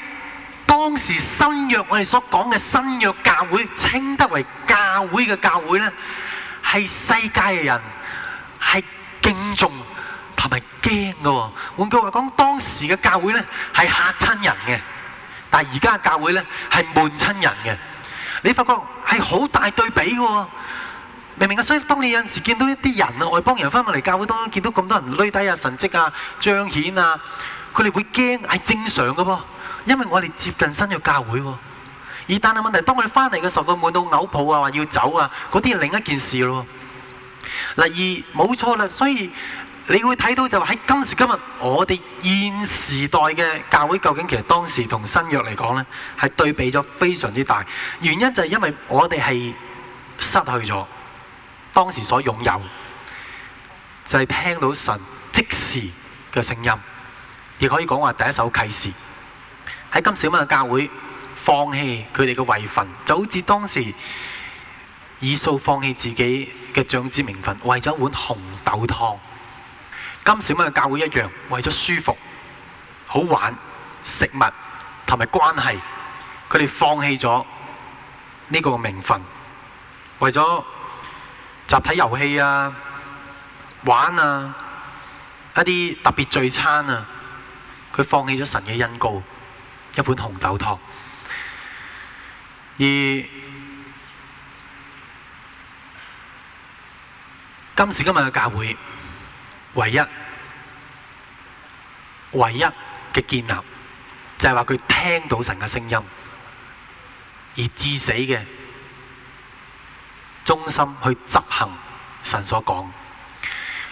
當時新約我哋所講嘅新約教會，稱得為教會嘅教會呢，係世界嘅人係敬重。同埋驚嘅喎，換句話講，當時嘅教會咧係嚇親人嘅，但係而家嘅教會咧係悶親人嘅。你發覺係好大對比嘅喎，明唔明啊？所以當你有陣時見到一啲人啊，外邦人翻返嚟教會，當中見到咁多人，擂低啊、神蹟啊、彰顯啊，佢哋會驚係正常嘅噃，因為我哋接近新約教會喎。而但係問題，當佢哋翻嚟嘅時候，佢悶到嘔泡啊，話要走啊，嗰啲係另一件事咯。嗱，而冇錯啦，所以。你會睇到就在喺今時今日，我哋現時代嘅教會究竟其實當時同新約嚟講呢，係對比咗非常之大。原因就係因為我哋係失去咗當時所擁有，就係、是、聽到神即時嘅聲音，亦可以講話第一手啟示。喺今時今日嘅教會，放棄佢哋嘅位份，就好似當時以掃放棄自己嘅長子名分，為咗一碗紅豆湯。今時今日的教會一樣，為咗舒服、好玩、食物同埋關係，佢哋放棄咗呢個名分，為咗集體遊戲啊、玩啊、一啲特別聚餐啊，佢放棄咗神嘅恩膏，一碗紅酒湯。而今時今日嘅教會。唯一、唯一嘅建立，就係話佢聽到神嘅聲音，而至死嘅忠心去執行神所講。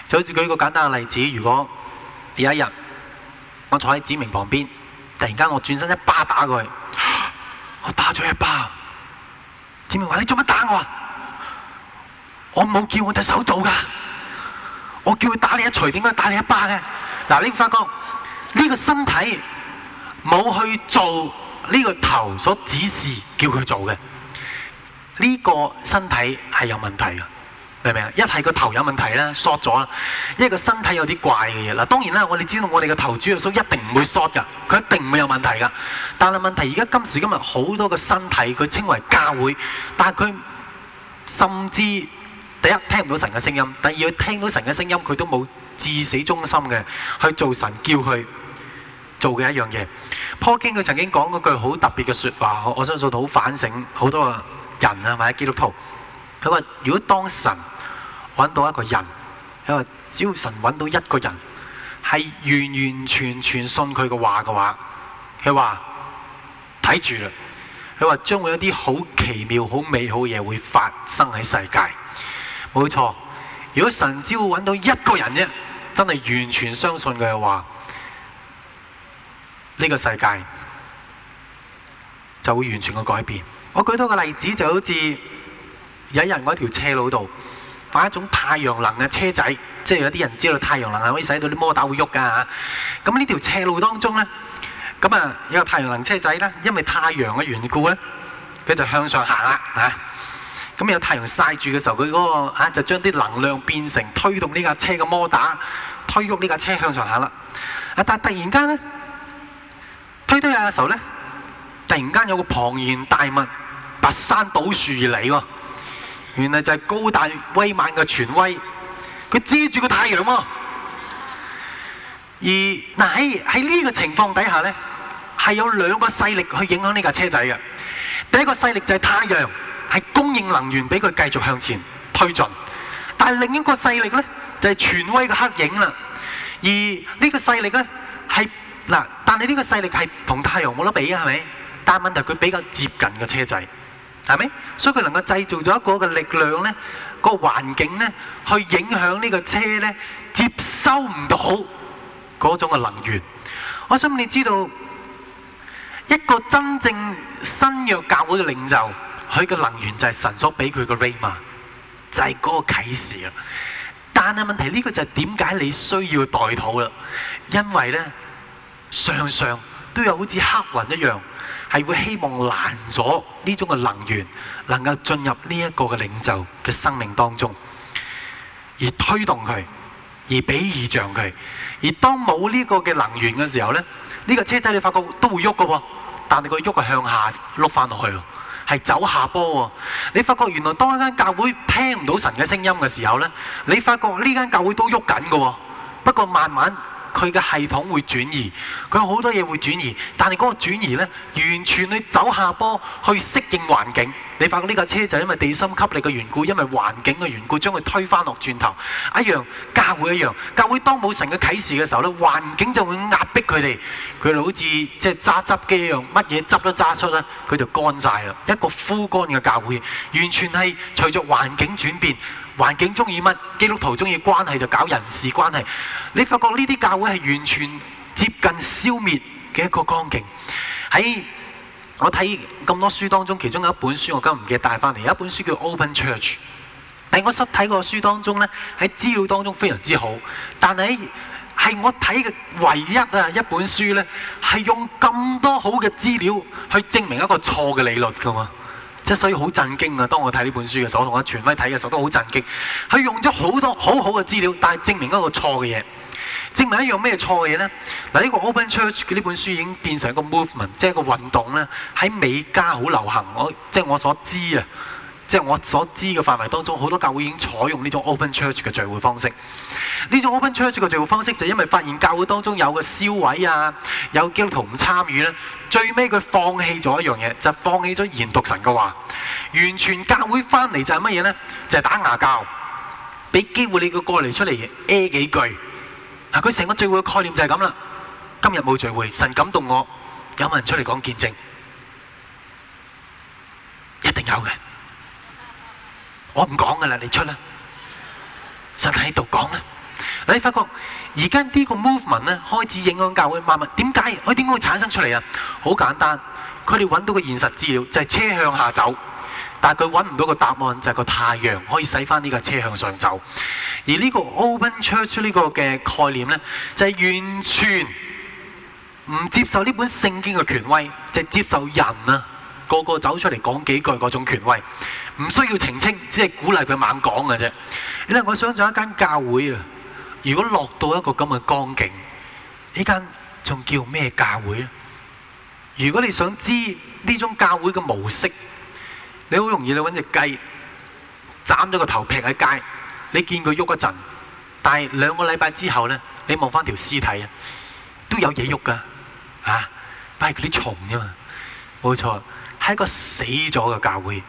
就好似舉一個簡單嘅例子，如果有一日我坐喺子明旁邊，突然間我轉身一巴打佢，我打咗一巴。子明話：你做乜打我？我冇叫我隻手到我叫佢打你一錘，點解打你一巴嘅？嗱，你發覺呢個身體冇去做呢個頭所指示叫佢做嘅，呢個身體係有問題嘅，明唔明啊？一係個頭有問題咧，縮咗，一個身體有啲怪嘅嘢。嗱，當然啦，我哋知道我哋嘅頭主耶穌一定唔會縮嘅，佢一定唔會有問題㗎。但係問題而家今時今日好多個身體，佢稱為教會，但係佢甚至。第一，聽唔到神嘅聲音；第二，佢聽到神嘅聲音，佢都冇至死忠心嘅去做神叫佢做嘅一樣嘢。Paul King 佢曾經講嗰句好特別嘅説話，我相信好反省好多人啊，或者基督徒。佢話：如果當神揾到一個人，佢話只要神揾到一個人係完完全全信佢嘅話嘅話，佢話睇住啦，佢話將會有啲好奇妙、好美好嘢會發生喺世界。冇錯，如果神只會揾到一個人啫，真係完全相信佢嘅話，呢、呢個世界就會完全嘅改變。我舉多個例子就好似有人喺條斜路度擺一種太陽能嘅車仔，即係有啲人知道太陽能係可以使到啲摩打會喐㗎。咁呢條斜路當中咧，咁啊有個太陽能車仔咧，因為太陽嘅緣故咧，佢就向上行啦啊！咁有太陽曬住嘅時候，佢嗰、那個就將啲能量變成推動呢架車嘅摩打，推喐呢架車向上行啦。但係突然間咧，推推下嘅時候呢，突然間有個龐然大物拔山倒樹而嚟喎。原嚟就係高大威猛嘅權威，佢遮住個太陽喎、啊。而嗱喺呢個情況底下呢，係有兩個勢力去影響呢架車仔嘅。第一個勢力就係太陽。係供應能源俾佢繼續向前推進，但係另一個勢力呢，就係、是、權威嘅黑影啦。而呢個勢力呢，係嗱，但係呢個勢力係同太陽冇得比啊，係咪？但係問題佢比較接近個車仔，係咪？所以佢能夠製造咗一個嘅力量呢，一個環境呢，去影響呢個車呢，接收唔到嗰種嘅能源。我想問你知道一個真正新約教會嘅領袖。佢嘅能源就係神所俾佢嘅 rhema 嘛，就係嗰個啟示啊！但係問題呢、個就係點解你需要代禱啦？因為咧，常常都有好似黑雲一樣，係會希望攔咗呢種嘅能源，能夠進入呢一個嘅領袖嘅生命當中，而推動佢，而俾異象佢。而當冇呢個嘅能源嘅時候咧，呢、個車仔你發覺都會喐嘅喎，但係個喐係向下碌翻落去。係走下坡喎，你發覺原來當一間教會聽唔到神嘅聲音嘅時候呢，你發覺呢間教會都喐緊㗎喎，不過慢慢。佢嘅系統會轉移，佢好多嘢會轉移，但係嗰個轉移呢，完全去走下坡去適應環境。你發覺呢架車就因為地心吸力嘅緣故，因為環境嘅緣故，將佢推翻落轉頭一樣，教會一樣，教會當冇神嘅啟示嘅時候呢，環境就會壓迫佢哋，佢就好似即係榨汁機一樣，乜嘢汁都榨出啦，佢就乾晒啦，一個枯乾嘅教會，完全係隨着環境轉變。環境中意乜？基督徒中意關係就搞人事關係。你發覺呢啲教會係完全接近消滅嘅一個光景。喺我睇咁多書當中，其中有一本書我今日唔記得帶翻嚟，有一本書叫《Open Church》。喺我所睇過書當中咧，喺資料當中非常之好。但係係我睇嘅唯一啊一本書咧，係用咁多好嘅資料去證明一個錯嘅理論㗎嘛。即係所以好震驚啊！當我睇呢本書嘅時候，我同阿全威睇嘅時候都好震驚。佢用咗好多好好嘅資料，但係證明一個錯嘅嘢。證明一樣咩錯嘅嘢呢？嗱，呢個 Open Church 嘅呢本書已經變成一個 movement，即係一個運動咧，喺美加好流行。我即係、就是、我所知啊。即係我所知嘅範圍當中，好多教會已經採用呢種 open church 嘅聚會方式。呢種 open church 嘅聚會方式就是因為發現教會當中有個消委啊，有基督徒唔參與咧，最尾佢放棄咗一樣嘢，就是、放棄咗研讀神嘅話。完全教會翻嚟就係乜嘢呢？就係、是、打牙骹，俾機會你個過嚟出嚟 A、呃、幾句。係佢成個聚會嘅概念就係咁啦。今日冇聚會，神感動我有冇人出嚟講見證？一定有嘅。我唔講㗎啦，你出啦，實喺度講啦。你發覺而家呢個 movement 開始影響教會萬物，點解？佢點解會產生出嚟呀？好簡單，佢哋揾到個現實資料就係、是、車向下走，但係佢揾唔到個答案就係、是、個太陽可以使返呢架車向上走。而呢個 open church 呢個嘅概念呢就係、是、完全唔接受呢本聖經嘅權威，就是、接受人啊。個個走出嚟講幾句嗰種權威，唔需要澄清，只係鼓勵佢猛講嘅啫。你睇我想像一間教會啊，如果落到一個咁嘅光景，呢間仲叫咩教會咧？如果你想知呢種教會嘅模式，你好容易你揾隻雞斬咗個頭劈喺街，你見佢喐一陣，但係兩個禮拜之後咧，你望翻條屍體啊，都有嘢喐噶嚇，但係嗰啲蟲啫嘛，冇錯。係一個死咗嘅教會，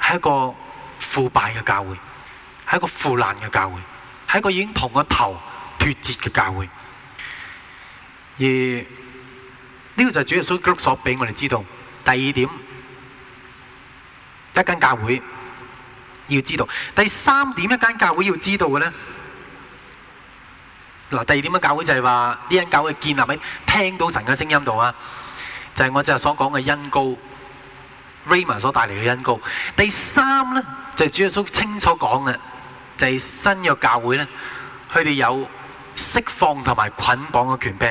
係一個腐敗嘅教會，係一個腐爛嘅教會，係一個已經同個頭脫節嘅教會。而呢、這個就係主耶穌基督所俾我哋知道。第二點一間教會要知道。第三點一間教會要知道嘅呢。第二點一間教會就係話呢間教會建立喺聽到神嘅聲音度啊，就係、是、我今日所講嘅恩膏。Raymond 所帶嚟嘅恩膏。第三呢，就是、主耶穌清楚講嘅，就係、是、新約教會呢，佢哋有釋放同埋捆綁嘅權柄。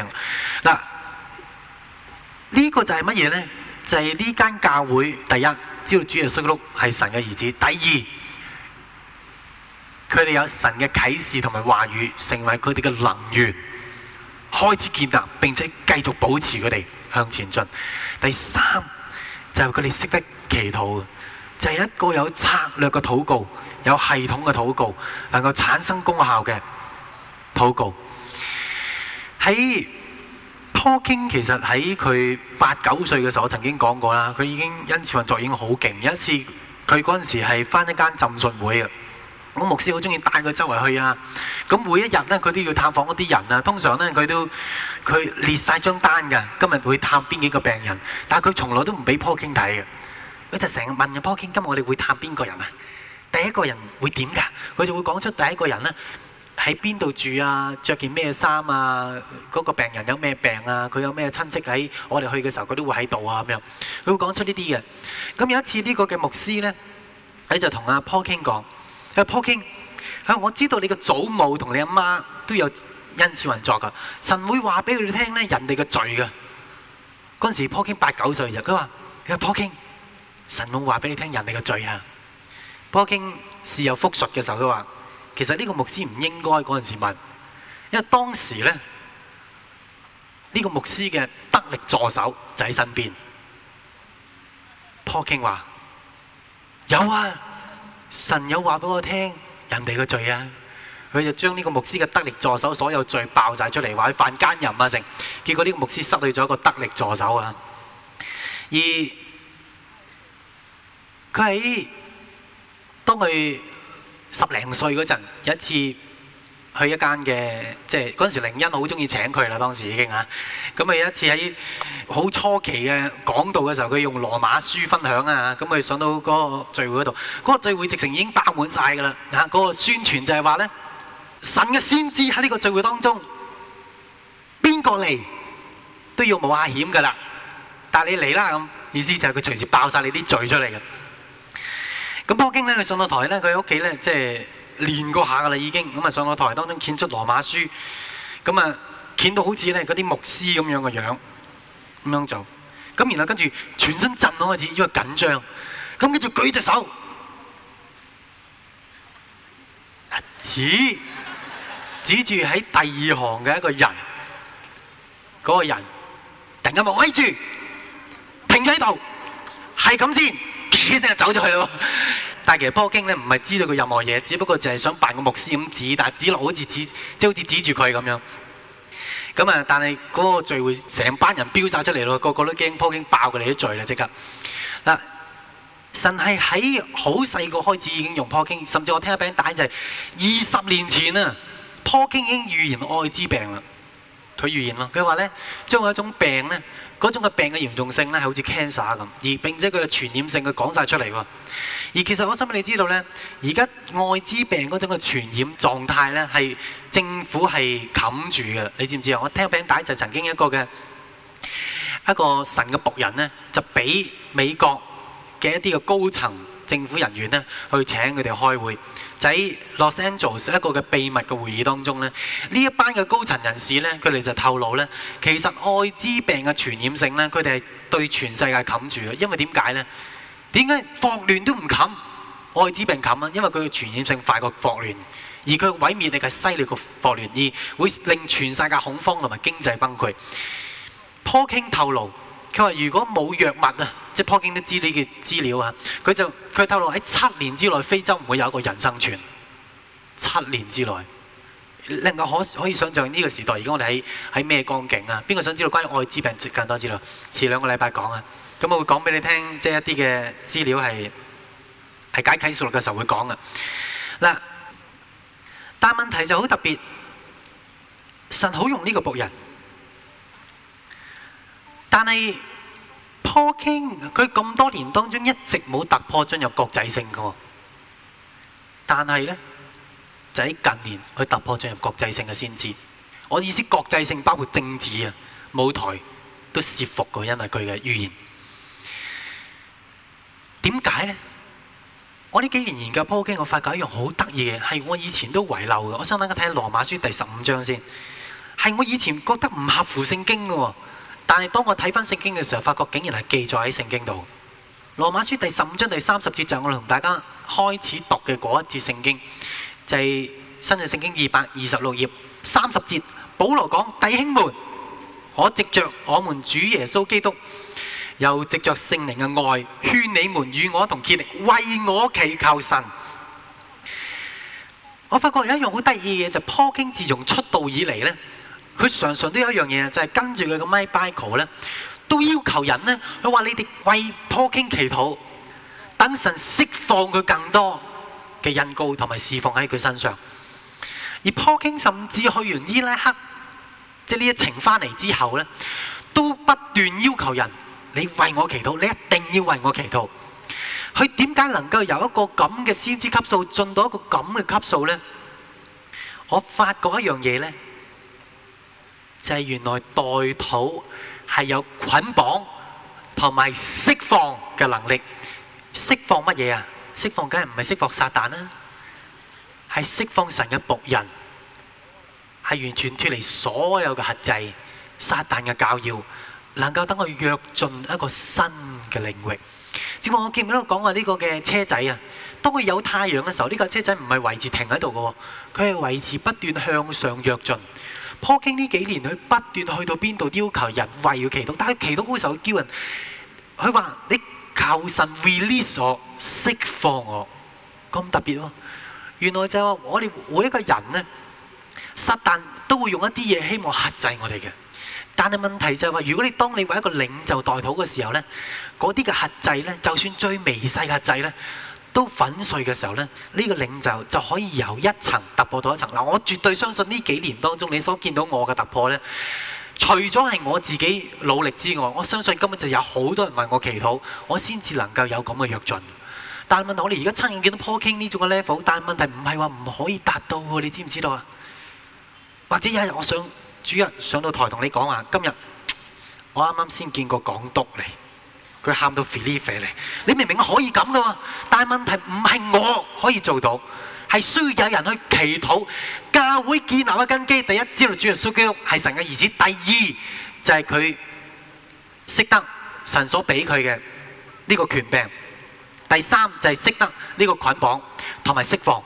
嗱、啊，呢、這個就係乜嘢呢？就係、是、呢間教會，第一，知道主耶穌係神嘅兒子；第二，佢哋有神嘅啟示同埋話語，成為佢哋嘅能源，開始建立並且繼續保持佢哋向前進。第三。就係佢哋識得祈禱嘅，就係一個有策略嘅禱告，有系統嘅禱告，能夠產生功效嘅禱告。喺 Talking，其實喺佢八九歲嘅時候，我曾經講過啦，佢已經恩賜運作已經好勁。有一次佢嗰陣時係返一間浸信會嘅。我牧師好中意帶佢周圍去啊！咁每一日咧，佢都要探訪嗰啲人啊。通常咧，佢都佢列曬張單嘅。今日會探邊幾個病人？但係佢從來都唔俾 Paul King 睇嘅。佢就成日問阿 Paul King，今日我哋會探邊個人啊？第一個人會點㗎？佢就會講出第一個人咧喺邊度住啊，著件咩衫啊，嗰個病人有咩病啊，佢有咩親戚，喺我哋去嘅時候，佢都會喺度啊咁樣。佢會講出呢啲嘅。咁有一次呢個嘅牧師咧，佢就同阿 Paul King 講。阿坡 king，啊我知道你個祖母同你阿媽都有恩賜運作噶，神會話俾佢哋聽咧人哋嘅罪噶。嗰陣時坡 king 八九歲啫，佢話：阿坡 king，神會話俾你聽人哋嘅罪啊。坡 king 事有複述嘅時候，佢話：其實呢個牧師唔應該嗰時問，因為當時呢，呢、這個牧師嘅得力助手就喺身邊。坡 king 話有啊。神有話俾我聽，人哋個罪啊，佢就將呢個牧師嘅得力助手所有罪爆晒出嚟，話佢犯奸淫啊成，結果呢個牧師失去咗一個得力助手啊，而佢喺當佢十零歲嗰陣有一次。去一間嘅即係嗰陣時，靈恩好中意請佢啦，當時已經啊，咁啊有一次喺好初期嘅講道嘅時候，佢用羅馬書分享啊，咁佢上到嗰個聚會嗰度，嗰、嗰個聚會直情已經爆滿晒㗎啦，啊、嗰、嗰個宣傳就係話咧，神嘅先知喺呢個聚會當中，邊個嚟都要冒下險㗎啦，但係你嚟啦咁，意思就係佢隨時爆晒你啲罪出嚟嘅。咁波京咧，佢上到台咧，佢喺屋企咧即係。練過下噶啦，已經咁啊上個台當中鉛出羅馬書，咁啊鉛到好似咧嗰啲牧師咁樣嘅樣，咁樣做，咁然後跟住全身震都開始，因為緊張，咁跟住舉隻手，指指住喺第二行嘅一個人，嗰個人，突然間話：，望住，停咗喺度，係咁先。即係走咗去咯，但係其實坡京咧唔係知道佢任何嘢，只不過就係想扮個牧師咁指,指,指，就是、指但係指落好似指，即係好似指住佢咁樣。咁啊，但係嗰個聚會成班人飆晒出嚟咯，個個都驚坡京爆佢哋啲罪啦，即刻嗱。神係喺好細個開始已經用坡京，甚至我聽一餅帶就係二十年前啊，坡京已經預言艾滋病啦。佢預言啦，佢話咧將有一種病咧。嗰種嘅病嘅嚴重性咧，係好似 cancer 咁，而並且佢嘅傳染性佢講晒出嚟喎。而其實我想俾你知道咧，而家愛滋病嗰種嘅傳染狀態咧，係政府係冚住嘅，你知唔知啊？我聽餅帶就曾經一個嘅一個神嘅僕人咧，就俾美國嘅一啲嘅高層政府人員咧，去請佢哋開會。喺 Los Angeles 一個嘅秘密嘅會議當中咧，呢一班嘅高層人士咧，佢哋就透露咧，其實艾滋病嘅傳染性咧，佢哋係對全世界冚住嘅，因為點解咧？點解霍亂都唔冚，艾滋病冚啊？因為佢嘅傳染性快過霍亂，而佢毀滅力係犀利過霍亂，而會令全世界恐慌同埋經濟崩潰。Paul King 透露。佢話：如果冇藥物啊，即係 Poking 啲資料嘅資料啊，佢就佢透露喺七年之內非洲唔會有一個人生存。七年之內，你能夠可可以想象呢個時代。而家我哋喺喺咩光景啊？邊個想知道關於艾滋病更多資料？遲兩個禮拜講啊，咁我會講俾你聽，即係一啲嘅資料係係解啟數學嘅時候會講嘅。嗱，但問題就好特別，神好用呢個僕人。但係 Paul King 佢咁多年當中一直冇突破進入國際性嘅喎，但係咧就喺近年佢突破進入國際性嘅先知。我意思國際性包括政治啊、舞台都涉服過，因為佢嘅語言。點解咧？我呢幾年研究 Paul King，我發覺一樣好得意嘅係，係我以前都遺漏嘅。我想大家睇下《羅馬書》第十五章先，係我以前覺得唔合乎聖經嘅喎。但係當我睇翻聖經嘅時候，發覺竟然係記載喺聖經度。羅馬書第十五章第三十節就係我同大家開始讀嘅嗰一節聖經，就係新約聖經二百二十六頁三十節。保羅講弟兄們，我藉着我們主耶穌基督，又藉着聖靈嘅愛，勸你們與我同竭力為我祈求神。我發覺有一樣好得意嘅嘢，就係保羅自從出道以嚟呢。佢常常都有一樣嘢，就係跟住佢個 Mike Bickle 咧，都要求人咧，佢話：你哋為 Paul Cain 祈禱，等神釋放佢更多嘅恩膏，同埋侍奉喺佢身上。而 Paul Cain 甚至去完伊拉克，即係呢一程翻嚟之後咧，都不斷要求人：你為我祈禱，你一定要為我祈禱。佢點解能夠由一個咁嘅先知級數，進到一個咁嘅級數咧？我發覺一樣嘢咧。就係原來代禱係有捆綁同埋釋放嘅能力。釋放乜嘢啊？釋放梗係唔係釋放撒旦啦，係釋放神嘅僕人，係完全脫離所有嘅轄制、撒旦嘅攪擾，能夠等佢躍進一個新嘅領域。正話我見唔見到講話呢個嘅車仔啊？當佢有太陽嘅時候，呢架車仔唔係維持停喺度嘅，佢係維持不斷向上躍進。普京呢幾年佢不斷去到邊度要求人為要祈禱，但係祈禱嘅時候佢叫人，佢話你求神 release 我釋放我，咁特別喎。原來就係話我哋每一個人呢，撒旦都會用一啲嘢希望克制我哋嘅。但係問題就係話，如果你當你為一個領袖代禱嘅時候呢，嗰啲嘅克制呢，就算最微細嘅克制呢，都粉碎嘅時候呢，呢個領袖就可以由一層突破到一層。嗱，我絕對相信呢幾年當中你所見到我嘅突破呢，除咗係我自己努力之外，我相信根本就有好多人為我祈禱，我先至能夠有咁嘅躍進。但係問我，你而家親眼見到 Paul King 呢種嘅 level，但係問題唔係話唔可以達到，你知唔知道啊？或者有一日，我想主日上到台同你講話，今日我啱啱先見過港督嚟。佢喊到稀里嘩啦，你明明可以咁㗎喎，但問題唔係我可以做到，係需要有人去祈禱，教會建立一根基。第一知道主耶穌基督係神嘅兒子，第二就係佢識得神所俾佢嘅呢個權柄，第三就係、是、識得呢個捆綁同埋釋放。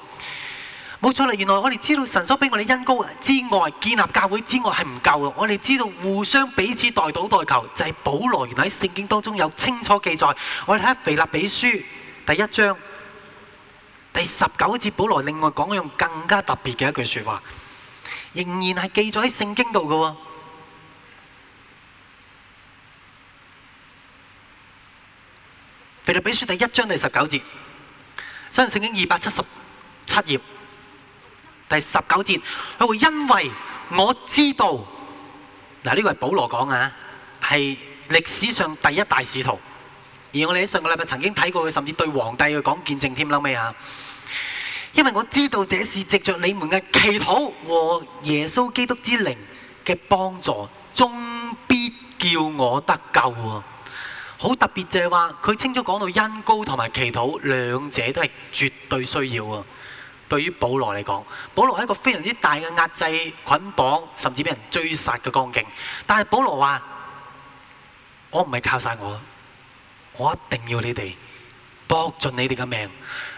冇錯啦，原來我哋知道神所俾我哋恩膏之外，建立教會之外係唔夠嘅。我哋知道互相彼此代禱代求，就係保羅原來喺聖經當中有清楚記載。我哋睇《腓立比書》第一章第十九節，保羅另外講一樣更加特別嘅一句說話，仍然係記載喺聖經度嘅。《腓立比書》第一章第十九節，新聖經二百七十七頁。第十九節，佢會因為我知道，嗱，呢個係保羅講啊，係歷史上第一大使徒，而我哋喺上個禮拜曾經睇過佢，甚至對皇帝去講見證添啦尾啊！因為我知道這是藉着你們嘅祈禱和耶穌基督之靈嘅幫助，終必叫我得救啊。好特別就係話，佢清楚講到恩膏同埋祈禱兩者都係絕對需要啊！對於保羅嚟講，保羅係一個非常之大嘅壓制、捆綁，甚至俾人追殺嘅光景。但係保羅話：我唔係靠晒我，我一定要你哋博盡你哋嘅命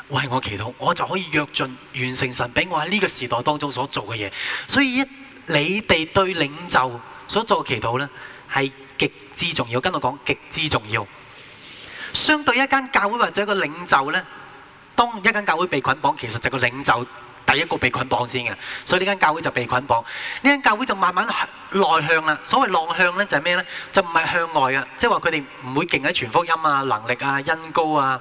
為我祈禱，我就可以約盡完成神俾我喺呢個時代當中所做嘅嘢。所以一你哋對領袖所做嘅祈禱呢，係極之重要。跟我講，極之重要。相對一間教會或者一個領袖呢。當一間教會被捆綁，其實就個領袖第一個被捆綁先嘅，所以呢間教會就被捆綁。呢間教會就慢慢內向啦。所謂浪向就呢，就係咩呢？就唔係向外嘅，即係話佢哋唔會勁喺傳福音啊、能力啊、恩膏啊、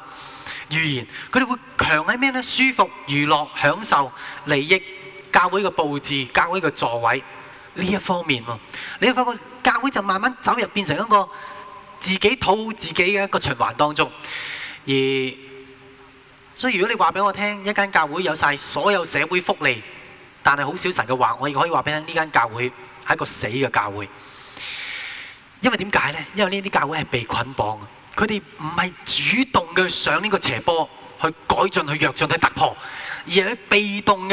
預言。佢哋會強喺咩呢？舒服、娛樂、享受、利益、教會嘅佈置、教會嘅座位呢一方面喎。你發覺教會就慢慢走入變成一個自己討好自己嘅一個循環當中，而所以如果你話俾我聽，一間教會有晒所有社會福利，但係好少神嘅話，我亦可以話俾你聽，呢間教會係一個死嘅教會。因為點解呢？因為呢啲教會係被捆綁，佢哋唔係主動嘅上呢個斜坡去改進、去躍進、去突破，而係佢被動嘅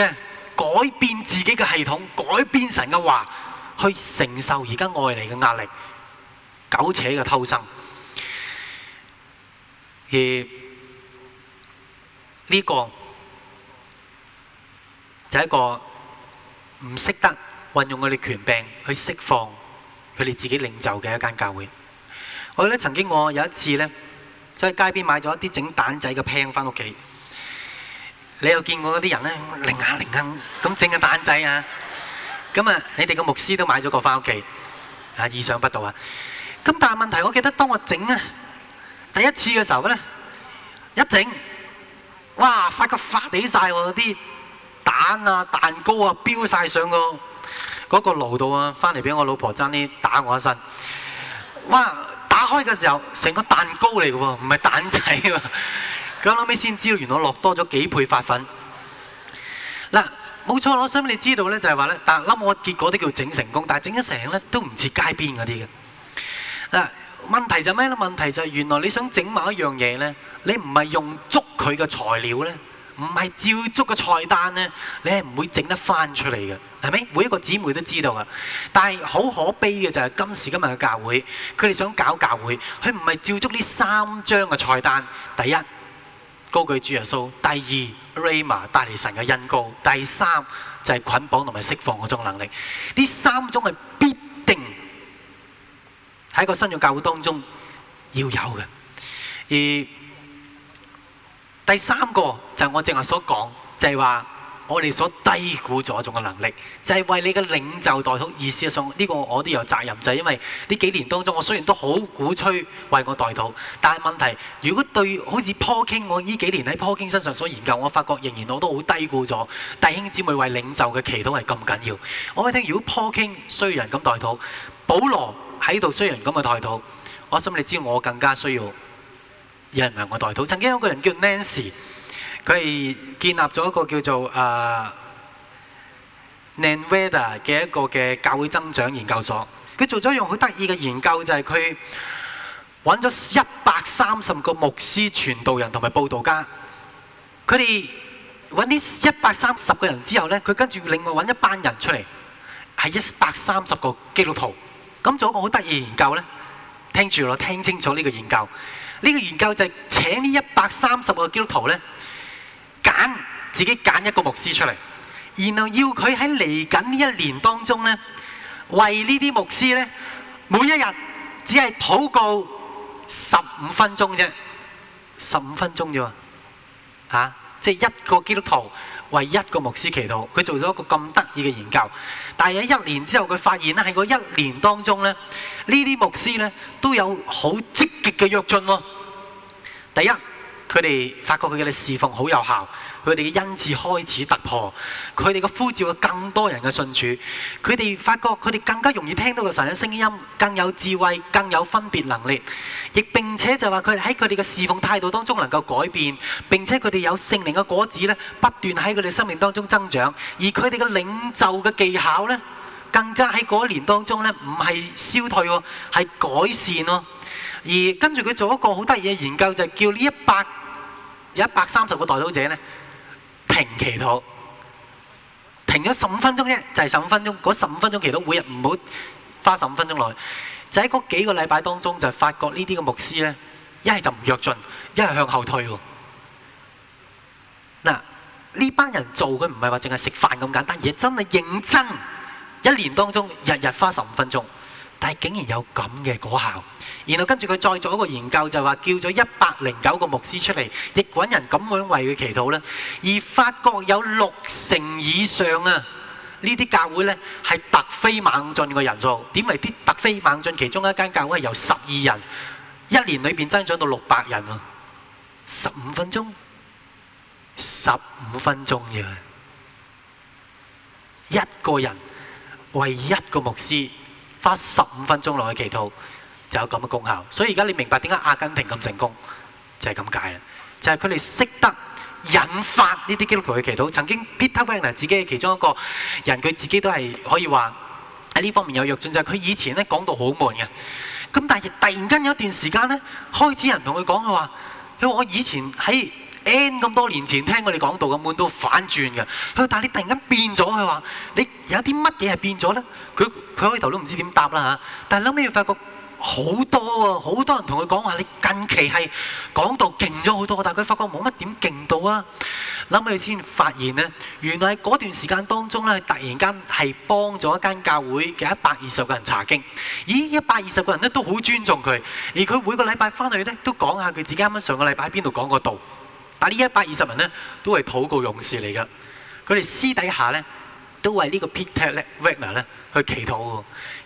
改變自己嘅系統、改變神嘅話，去承受而家外嚟嘅壓力，苟且嘅偷生，而。呢個就係一個唔識得運用佢哋權柄去釋放佢哋自己領袖嘅一間教會。我記得曾經我有一次咧，就喺街邊買咗一啲整蛋仔嘅 pan 翻屋企。你又見過嗰啲人咧，零下零下咁整嘅蛋仔啊！咁啊，你哋個牧師都買咗個翻屋企啊！意想不到啊！咁但係問題，我記得當我整啊第一次嘅時候咧，一整。哇！發個發哋曬喎，啲蛋啊蛋糕啊飆曬上個嗰個爐度啊！翻嚟俾我老婆爭啲打我一身。哇！打開嘅時候，成個蛋糕嚟嘅喎，唔係蛋仔喎。咁 後屘先知道，原來我落多咗幾倍發粉。嗱、啊，冇錯，我想你知道咧，就係話咧，但係冧我結果都叫整成功，但係整咗成咧都唔似街邊嗰啲嘅。嗱、啊。問題就咩咧？問題就係原來你想整某一樣嘢呢，你唔係用足佢嘅材料呢，唔係照足個菜單呢，你係唔會整得翻出嚟嘅，係咪？每一個姊妹都知道㗎。但係好可悲嘅就係今時今日嘅教會，佢哋想搞教會，佢唔係照足呢三張嘅菜單。第一，高舉主耶穌；第二，Rayma 帶嚟神嘅恩膏；第三就係、是、捆綁同埋釋放嗰種能力。呢三種係必定。喺一個新約教會當中要有嘅。而第三個就係我正話所講，就係話我哋所低估咗一種嘅能力，就係為你嘅領袖代禱。意思上呢個我都有責任，就係因為呢幾年當中，我雖然都好鼓吹為我代禱，但係問題如果對好似 Paul King 我呢幾年喺 Paul King 身上所研究，我發覺仍然我都好低估咗弟兄姊妹為領袖嘅祈禱係咁緊要。我聽如果 Paul King 衰人咁代禱，保羅。喺度需要人咁嘅代禱，我心你知，我更加需要有人為我代禱。曾經有個人叫 Nancy，佢係建立咗一個叫做誒 Nevada 嘅一個嘅教會增長研究所。佢做咗一樣好得意嘅研究，就係佢揾咗一百三十個牧師、傳道人同埋佈道家。佢哋揾呢一百三十個人之後咧，佢跟住另外揾一班人出嚟，係一百三十個基督徒。咁做一個好得意研究咧，聽住咯，聽清楚呢個研究。呢個研究就請呢一百三十個基督徒咧，揀自己揀一個牧師出嚟，然後要佢喺嚟緊呢一年當中咧，為呢啲牧師咧，每一日只係禱告十五分鐘啫，十五分鐘啫，吓，即係一個基督徒，為一個牧師祈禱，佢做咗一個咁得意嘅研究，但係喺一年之後，佢發現咧喺嗰一年當中呢，呢啲牧師呢都有好積極嘅躍進喎。第一，佢哋發覺佢哋嘅侍奉好有效。佢哋嘅恩賜開始突破，佢哋嘅呼召有更多人嘅信主，佢哋發覺佢哋更加容易聽到嘅神嘅聲音，更有智慧，更有分別能力，亦並且就話佢哋喺佢哋嘅侍奉態度當中能夠改變，並且佢哋有聖靈嘅果子咧不斷喺佢哋生命當中增長，而佢哋嘅領袖嘅技巧咧更加喺嗰一年當中咧唔係消退喎，係改善喎，而跟住佢做一個好得意嘅研究就係叫呢一百有一百三十個代禱者呢。停祈禱，停咗十五分鐘啫，就係十五分鐘。嗰十五分鐘祈禱，每日唔好花十五分鐘落去，就喺嗰幾個禮拜當中，就發覺呢啲嘅牧師咧，一係就唔躍進，一係向後退喎。嗱，呢班人做嘅唔係話淨係食飯咁簡單，而係真係認真，一年當中日日花十五分鐘。係竟然有咁嘅果效，然後跟住佢再做一個研究，就話叫咗一百零九個牧師出嚟，亦揾人咁樣為佢祈禱呢，而發覺有六成以上啊，呢啲教會呢係突飛猛進嘅人數。點為？啲突飛猛進，其中一間教會由十二人，一年裏邊增長到六百人啊！十五分鐘，十五分鐘嘅一個人為一個牧師。八十五分鐘落去祈禱，就有咁嘅功效。所以而家你明白點解阿根廷咁成功，就係咁解啦。就係佢哋識得引發呢啲基督徒去祈禱。曾經 Peter Wagner 自己係其中一個人，佢自己都係可以話喺呢方面有躍進。就係、是、佢以前咧講到好悶嘅，咁但係突然間有一段時間咧，開始人同佢講，佢話：，佢話我以前喺。N 咁多年前聽過你講道，咁滿到反轉嘅。佢但係你突然間變咗。佢話你有啲乜嘢係變咗咧？佢佢開頭都唔知點答啦嚇，但係諗尾要發覺好多喎，好多人同佢講話，你近期係講道勁咗好多，但係佢發覺冇乜點勁到啊。諗尾先發現咧，原來喺嗰段時間當中咧，突然間係幫咗一間教會嘅一百二十個人查經。咦，一百二十個人咧都好尊重佢，而佢每個禮拜翻去咧都講下佢自己啱啱上個禮拜喺邊度講過道。但這呢一百二十人咧，都係禱告勇士嚟㗎。佢哋私底下咧，都為呢個 Peter Wagner 咧去祈禱嘅。而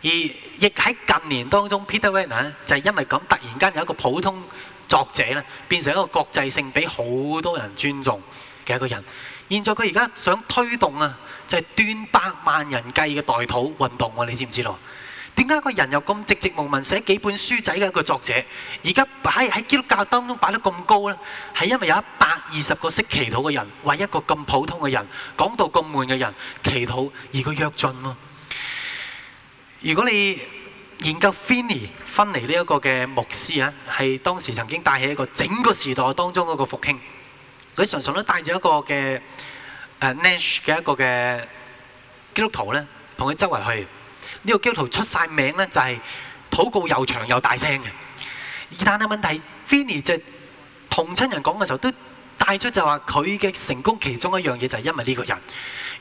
亦喺近年當中，Peter Wagner 咧就係、是、因為咁突然間由一個普通作者咧，變成一個國際性俾好多人尊重嘅一個人。現在佢而家想推動啊，就係、是、斷百萬人計嘅代禱運動、啊、你知唔知道？點解一個人又咁寂寂無聞，寫幾本書仔嘅一個作者，而家擺喺基督教當中擺得咁高咧？係因為有一百二十個識祈禱嘅人，為一個咁普通嘅人，講到咁悶嘅人祈禱，而佢約盡喎。如果你研究芬尼分離呢一個嘅牧師啊，係當時曾經帶起一個整個時代當中嗰個復興，佢常常都帶住一個嘅誒 Nash 嘅一個嘅基督徒咧，同佢周圍去。呢、這個教徒出曬名咧，就係、是、禱告又長又大聲嘅，而但係問題，f i n n y 就同親人講嘅時候，都帶出就話佢嘅成功其中一樣嘢，就係因為呢個人。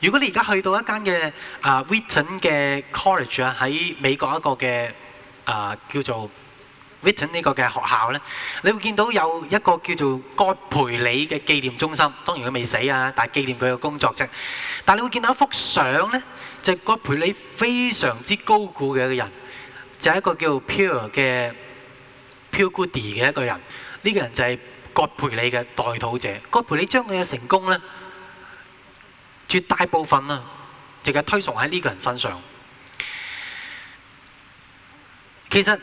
如果你而家去到一間嘅啊 Witten 嘅 College 啊，喺美國一個嘅啊叫做。Wheaton 呢個嘅學校咧，你會見到有一個叫做葛培理嘅紀念中心。當然佢未死啊，但係紀念佢嘅工作啫。但係你會見到一幅相咧，就係葛培理非常之高估嘅一個人，就係一個叫做 Pearl 嘅 Pearl Goode 嘅一個人。呢個人就係葛培理嘅代禱者。葛培理將佢嘅成功咧，絕大部分啊，淨係推崇喺呢個人身上。其實。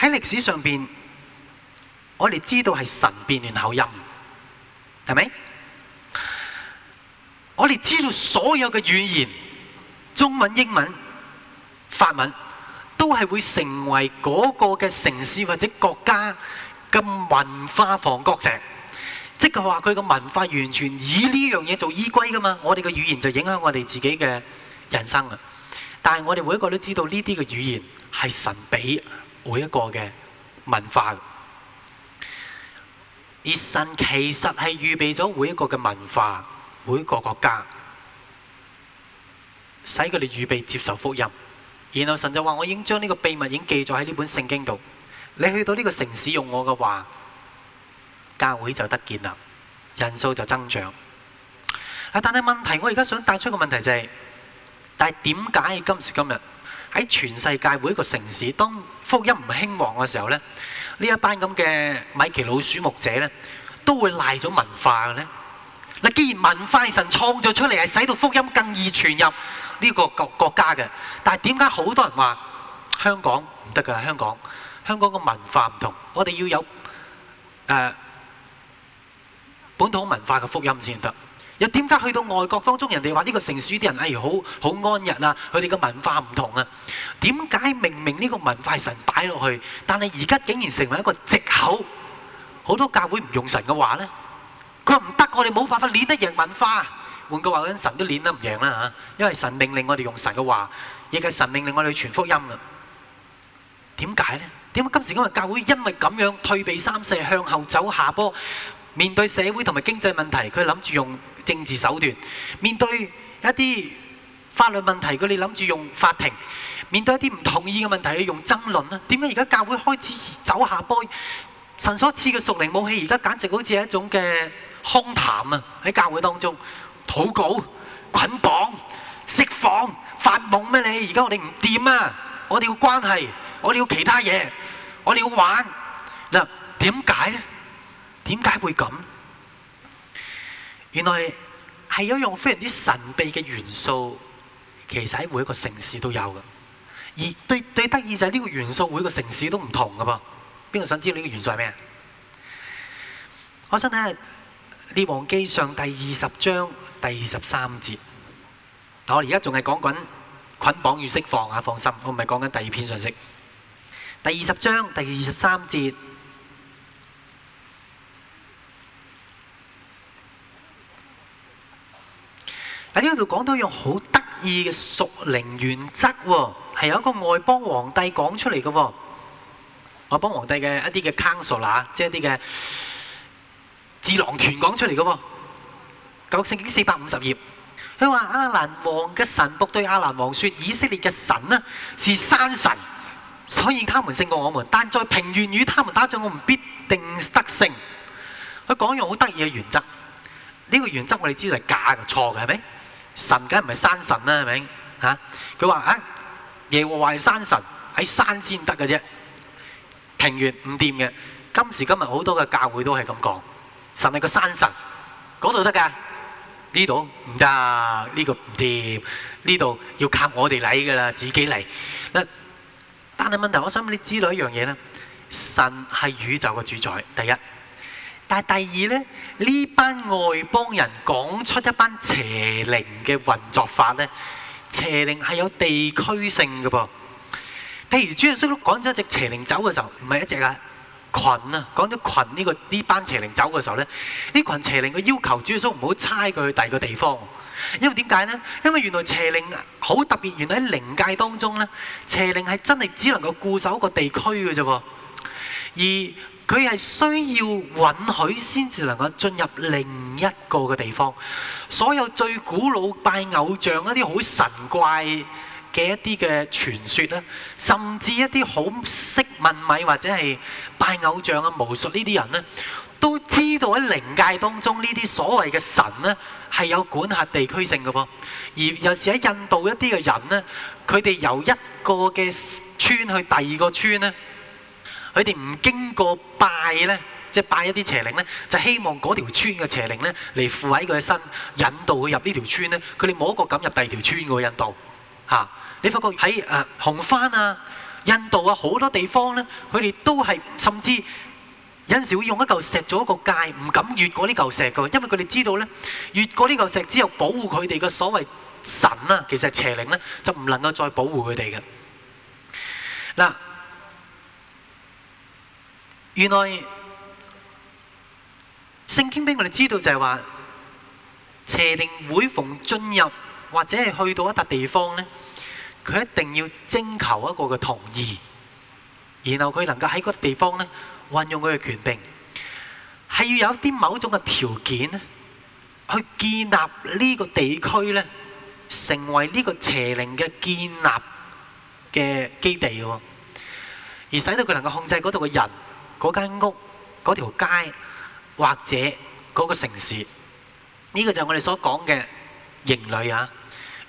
喺歷史上邊，我哋知道係神變亂口音，係咪？我哋知道所有嘅語言，中文、英文、法文，都係會成為嗰個嘅城市或者國家嘅文化防國籍。即係話佢嘅文化完全以呢樣嘢做依歸㗎嘛。我哋嘅語言就影響我哋自己嘅人生啦。但係我哋每一個都知道呢啲嘅語言係神畀。每一個嘅文化，而神其實係預備咗每一個嘅文化，每一個國家，使佢哋預備接受福音。然後神就話：我已經將呢個秘密已經記載喺呢本聖經度。你去到呢個城市用我嘅話，教會就得見啦，人數就增長。啊！但係問題，我而家想帶出一個問題就係：但係點解今時今日喺全世界每一個城市，當福音唔興旺嘅時候咧，呢一班咁嘅米奇老鼠牧者咧，都會賴咗文化嘅咧。嗱，既然文化神創造出嚟係使到福音更易傳入呢個國國家嘅，但係點解好多人話香港唔得㗎？香港，香港個文化唔同，我哋要有誒本土文化嘅福音先得。又點解去到外國當中，人哋話呢個城市啲人，哎好好安逸啊！佢哋嘅文化唔同啊。點解明明呢個文化神擺落去，但係而家竟然成為一個藉口，好多教會唔用神嘅話咧？佢話唔得，我哋冇辦法練得贏文化。換句話講，神都練得唔贏啦嚇。因為神命令我哋用神嘅話，亦係神命令我哋傳福音噶。點解咧？點解今時今日教會因為咁樣退避三舍、向後走下坡，面對社會同埋經濟問題，佢諗住用政治手段面對一啲法律問題，佢哋諗住用法庭；面對一啲唔同意嘅問題，用爭論啦。點解而家教會開始走下坡？神所賜嘅屬靈武器，而家簡直好似係一種嘅空談啊！喺教會當中，禱告、捆綁、釋放、發夢咩？你而家我哋唔掂啊！我哋要關係，我哋要其他嘢，我哋要玩，嗱，點解咧？點解會咁？原來係一種非常之神秘嘅元素，其實喺每一個城市都有嘅。而對最得意就係呢個元素，每一個城市都唔同嘅噃。邊個想知道呢個元素係咩？我想睇下《列王記》上第二十章第二十三節。我而家仲係講緊捆綁與釋放啊！放心，我唔係講緊第二篇信息。第二十章第二十三節。喺呢度講到一樣好得意嘅屬靈原則喎、哦，係有一個外邦皇帝講出嚟嘅喎，外邦皇帝嘅一啲嘅 counsel 啊，即係一啲嘅智囊團講出嚟嘅喎，《舊聖經》四百五十頁，佢話亞蘭王嘅神僕對亞蘭王說：以色列嘅神呢，是山神，所以他們勝過我們，但在平原與他們打仗，我們必定得勝。佢講一樣好得意嘅原則，呢、這個原則我哋知道係假嘅、錯嘅，係咪？神梗係唔係山神啦，係咪？嚇佢話啊，耶和華係山神喺山先得嘅啫，平原唔掂嘅。今時今日好多嘅教會都係咁講，神係個山神，嗰度得噶，呢度唔得，呢個唔掂，呢度要靠我哋嚟噶啦，自己嚟。但但係問題，我想問你知道一樣嘢咧，神係宇宙嘅主宰，第一。但係第二呢，呢班外邦人講出一班邪靈嘅運作法呢，邪靈係有地區性嘅噃。譬如主耶穌講咗一隻邪靈走嘅時候，唔係一隻啊，群啊，講咗群呢個呢班邪靈走嘅時候呢，呢群邪靈嘅要求主耶穌唔好差佢去第二個地方，因為點解呢？因為原來邪靈好特別，原來喺靈界當中呢，邪靈係真係只能夠固守一個地區嘅啫喎，而。佢係需要允許先至能夠進入另一個嘅地方。所有最古老拜偶像一啲好神怪嘅一啲嘅傳說啦，甚至一啲好識問米或者係拜偶像啊、巫術呢啲人咧，都知道喺靈界當中呢啲所謂嘅神咧係有管轄地區性嘅噃。而有時喺印度一啲嘅人咧，佢哋由一個嘅村去第二個村咧。佢哋唔經過拜呢，即係拜一啲邪靈呢，就希望嗰條村嘅邪靈呢嚟附喺佢嘅身，引導佢入呢條村呢。佢哋冇一個敢入第二條村嘅印度嚇。你發覺喺誒紅番啊、印度啊好多地方呢，佢哋都係甚至有陣時會用一嚿石做一個界，唔敢越過呢嚿石嘅，因為佢哋知道呢，越過呢嚿石之後保護佢哋嘅所謂神啊，其實邪靈呢，就唔能夠再保護佢哋嘅。嗱、啊。原來聖經俾我哋知道就係話邪靈每逢進入或者係去到一笪地方咧，佢一定要徵求一個嘅同意，然後佢能夠喺嗰笪地方咧運用佢嘅權柄，係要有啲某種嘅條件，去建立呢個地區咧，成為呢個邪靈嘅建立嘅基地嘅，而使到佢能夠控制嗰度嘅人。嗰間屋、嗰條街，或者嗰個城市，呢個就係我哋所講嘅營壘啊！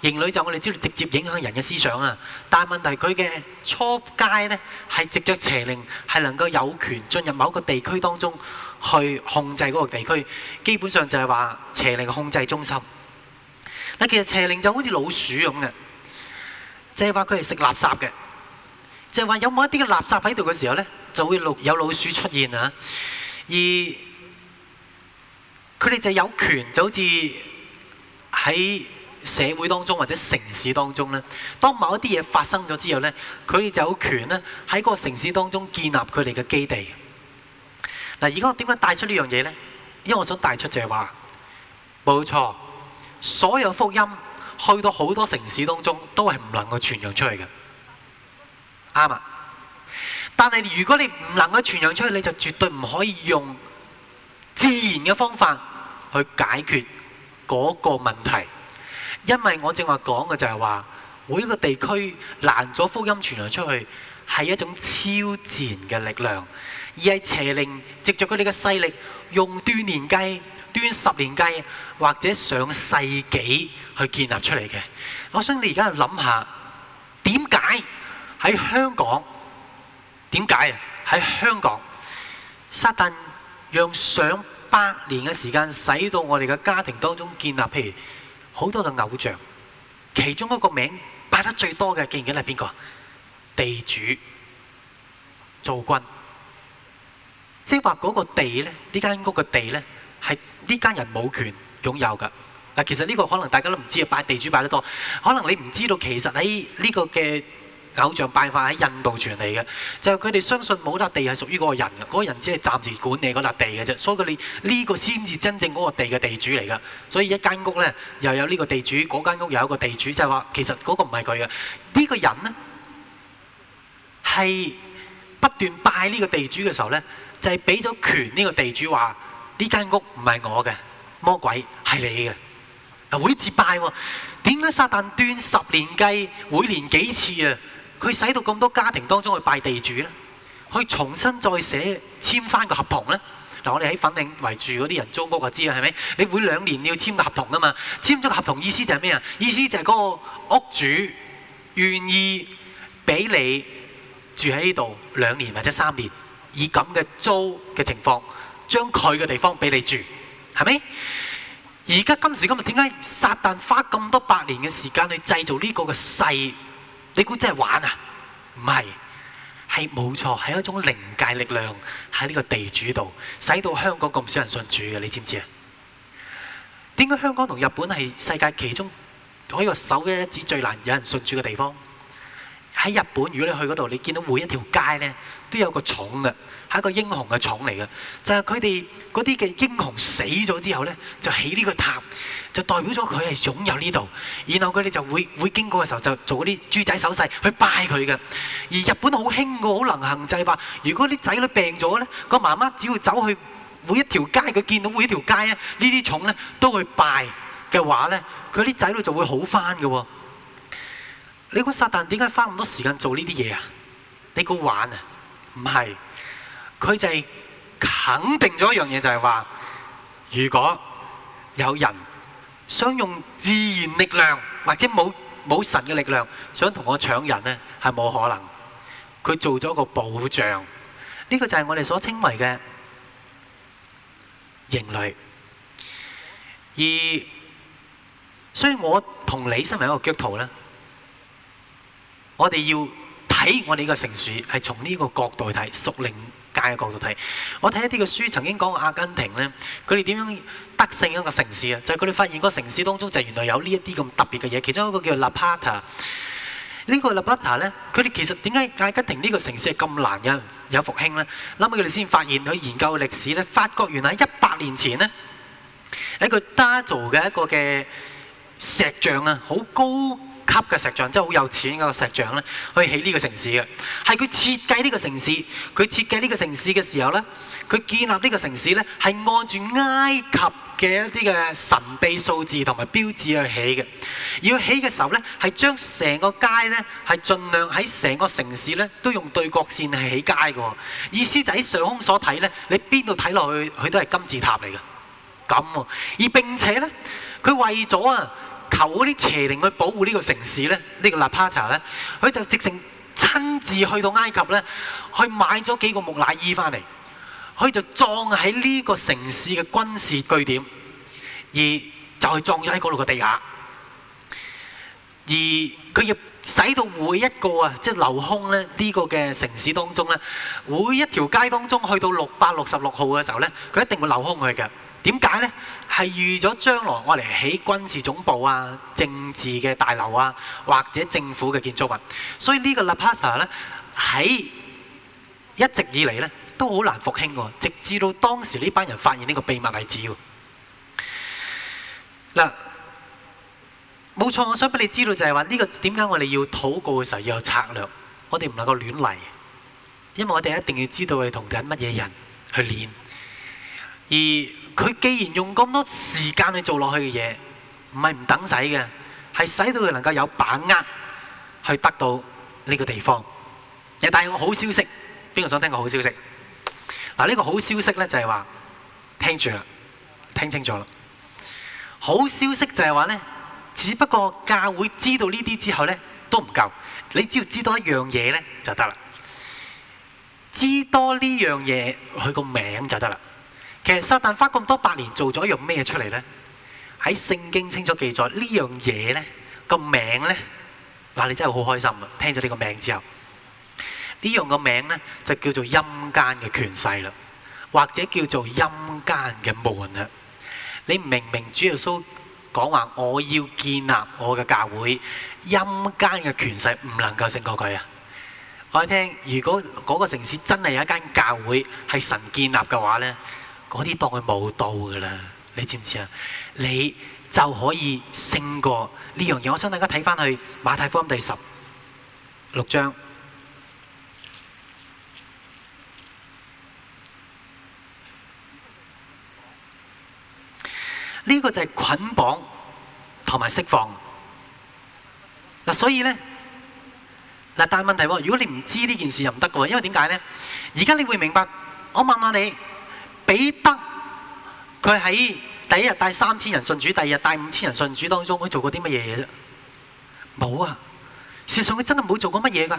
營壘就我哋知道，直接影響人嘅思想啊。但係問題佢嘅初階咧，係藉著邪靈，係能夠有權進入某個地區當中，去控制嗰個地區。基本上就係話邪靈嘅控制中心。嗱，其實邪靈就好似老鼠咁嘅，就係話佢係食垃圾嘅，就係話有冇一啲嘅垃圾喺度嘅時候咧？就會陸有老鼠出現啊！而佢哋就有權，就好似喺社會當中或者城市當中咧，當某一啲嘢發生咗之後咧，佢哋就有權咧喺個城市當中建立佢哋嘅基地。嗱，而家我點解帶出這件事呢樣嘢咧？因為我想帶出就係話，冇錯，所有福音去到好多城市當中都係唔能夠傳揚出去嘅，啱啊！但係如果你唔能夠傳揚出去，你就絕對唔可以用自然嘅方法去解決嗰個問題，因為我正話講嘅就係話，每一個地區難咗福音傳揚出去，係一種超自然嘅力量，而係邪靈藉着佢哋嘅勢力，用斷年計、端十年計或者上世紀去建立出嚟嘅。我想你而家諗下，點解喺香港？點解啊？喺香港，撒旦讓上百年嘅時間，使到我哋嘅家庭當中建立，譬如好多嘅偶像，其中一個名擺得最多嘅，竟然記得係邊個？地主、灶君，即係話嗰個地咧，這地呢間屋嘅地咧，係呢間人冇權擁有㗎。嗱，其實呢個可能大家都唔知啊，擺地主擺得多，可能你唔知道其實喺呢個嘅。偶像拜法喺印度傳嚟嘅，就係佢哋相信冇笪地係屬於嗰個人嘅，嗰個人只係暫時管理嗰笪地嘅啫。所以佢哋呢個先至真正嗰個地嘅地主嚟嘅。所以一間屋呢，又有呢個地主，嗰間屋又有一個地主，就係話其實嗰個唔係佢嘅。呢個人呢，係不斷拜呢個地主嘅時候呢，就係俾咗權呢個地主話：呢間屋唔係我嘅，魔鬼係你嘅。會自拜喎、啊？點解撒旦斷十年計，每年幾次啊？佢使到咁多家庭當中去拜地主咧，去重新再寫簽翻個合同咧。嗱，我哋喺粉嶺圍住嗰啲人租屋就知啦，係咪？你每兩年你要簽個合同啊嘛。簽咗個合同意思就係咩啊？意思就係嗰個屋主願意俾你住喺呢度兩年或者三年，以咁嘅租嘅情況，將佢嘅地方俾你住，係咪？而家今時今日點解撒旦花咁多百年嘅時間去製造呢個嘅世？你估真係玩呀？唔係，係冇錯，係一種靈界力量喺呢個地主度，使到香港咁少人信主嘅，你知唔知？點解香港同日本係世界其中可以話首一指最難有人信主嘅地方？喺日本如果你去嗰度，你見到每一條街呢，都有個重嘅。係一個英雄嘅廠嚟嘅，就係佢哋嗰啲嘅英雄死咗之後咧，就起呢個塔，就代表咗佢係擁有呢度。然後佢哋就會會經過嘅時候就做嗰啲豬仔手勢去拜佢嘅。而日本好興過好能行祭拜，如果啲仔女病咗咧，個媽媽只要走去每一條街，佢見到每一條街咧呢啲蟲咧都去拜嘅話咧，佢啲仔女就會好翻嘅。你估撒旦點解花咁多時間做呢啲嘢啊？你估玩啊？唔係。佢就係肯定咗一樣嘢，就係話：如果有人想用自然力量或者冇冇神嘅力量想同我搶人咧，係冇可能。佢做咗個保障，呢個就係我哋所稱為嘅人類。而所以，我同你身為一個基督徒咧，我哋要睇我哋嘅城市，係從呢個角度去睇屬靈。街嘅角度睇，我睇一啲嘅書曾經講過阿根廷咧，佢哋點樣得勝一個城市啊？就係佢哋發現個城市當中就原來有呢一啲咁特別嘅嘢，其中一個叫做拉帕塔。呢個拉帕塔咧，佢哋其實點解阿根廷呢個城市係咁難忍有復興咧？諗起佢哋先發現佢研究歷史咧，發覺原來一百年前咧，喺一個達道嘅一個嘅石像啊，好高。級嘅石像，即係好有錢嗰個石像咧，去起呢個城市嘅。係佢設計呢個城市，佢設計呢個城市嘅時候咧，佢建立呢個城市咧，係按住埃及嘅一啲嘅神秘數字同埋標誌去起嘅。要起嘅時候咧，係將成個街咧，係盡量喺成個城市咧都用對角線係起街嘅。意思就喺上空所睇咧，你邊度睇落去，佢都係金字塔嚟嘅。咁，而並且咧，佢為咗啊，求嗰啲邪靈去保護呢個城市咧，呢個拉帕塔咧，佢就直情親自去到埃及咧，去買咗幾個木乃伊翻嚟，佢就葬喺呢個城市嘅軍事據點，而就係葬咗喺嗰度嘅地下，而佢亦使到每一個啊，即係留空咧呢個嘅城市當中咧，每一條街當中去到六百六十六號嘅時候咧，佢一定會留空佢嘅。點解呢？係預咗將來我哋起軍事總部啊、政治嘅大樓啊，或者政府嘅建築物。所以呢個納帕薩呢喺一直以嚟呢都好難復興喎，直至到當時呢班人發現呢個秘密位置。嗱，冇錯，我想俾你知道就係話呢個點解我哋要禱告嘅時候要有策略，我哋唔能夠亂嚟，因為我哋一定要知道佢哋同緊乜嘢人去練，而。佢既然用咁多時間去做落去嘅嘢，唔係唔等使嘅，係使到佢能夠有把握去得到呢個地方。但係有個好消息，邊個想聽個好消息？嗱，呢個好消息咧就係話，聽住啦，聽清楚啦。好消息就係話咧，只不過教會知道呢啲之後咧都唔夠，你只要知道一樣嘢咧就得啦。知多呢樣嘢，佢個名就得啦。其實撒但花咁多百年做咗一樣咩出嚟呢？喺聖經清楚記載呢樣嘢，呢個名呢嗱，你真係好開心啊！聽咗呢個名之後，呢樣個名呢就叫做陰間嘅權勢啦，或者叫做陰間嘅門啦。你明明主耶穌講話，我要建立我嘅教會，陰間嘅權勢唔能夠勝過佢啊！我聽，如果嗰個城市真係有一間教會係神建立嘅話呢？嗰啲當佢冇到嘅啦，你知唔知啊？你就可以勝過呢樣嘢。我想大家睇返去馬太福音第十六章，呢個就係捆綁同埋釋放。嗱，所以呢，嗱，但係問題喎，如果你唔知呢件事就唔得嘅喎，因為點解呢？而家你會明白，我問下你。彼得佢喺第一日帶三千人信主，第二日帶五千人信主，當中佢做過啲乜嘢嘢啫？冇啊！事實上佢真係冇做過乜嘢㗎。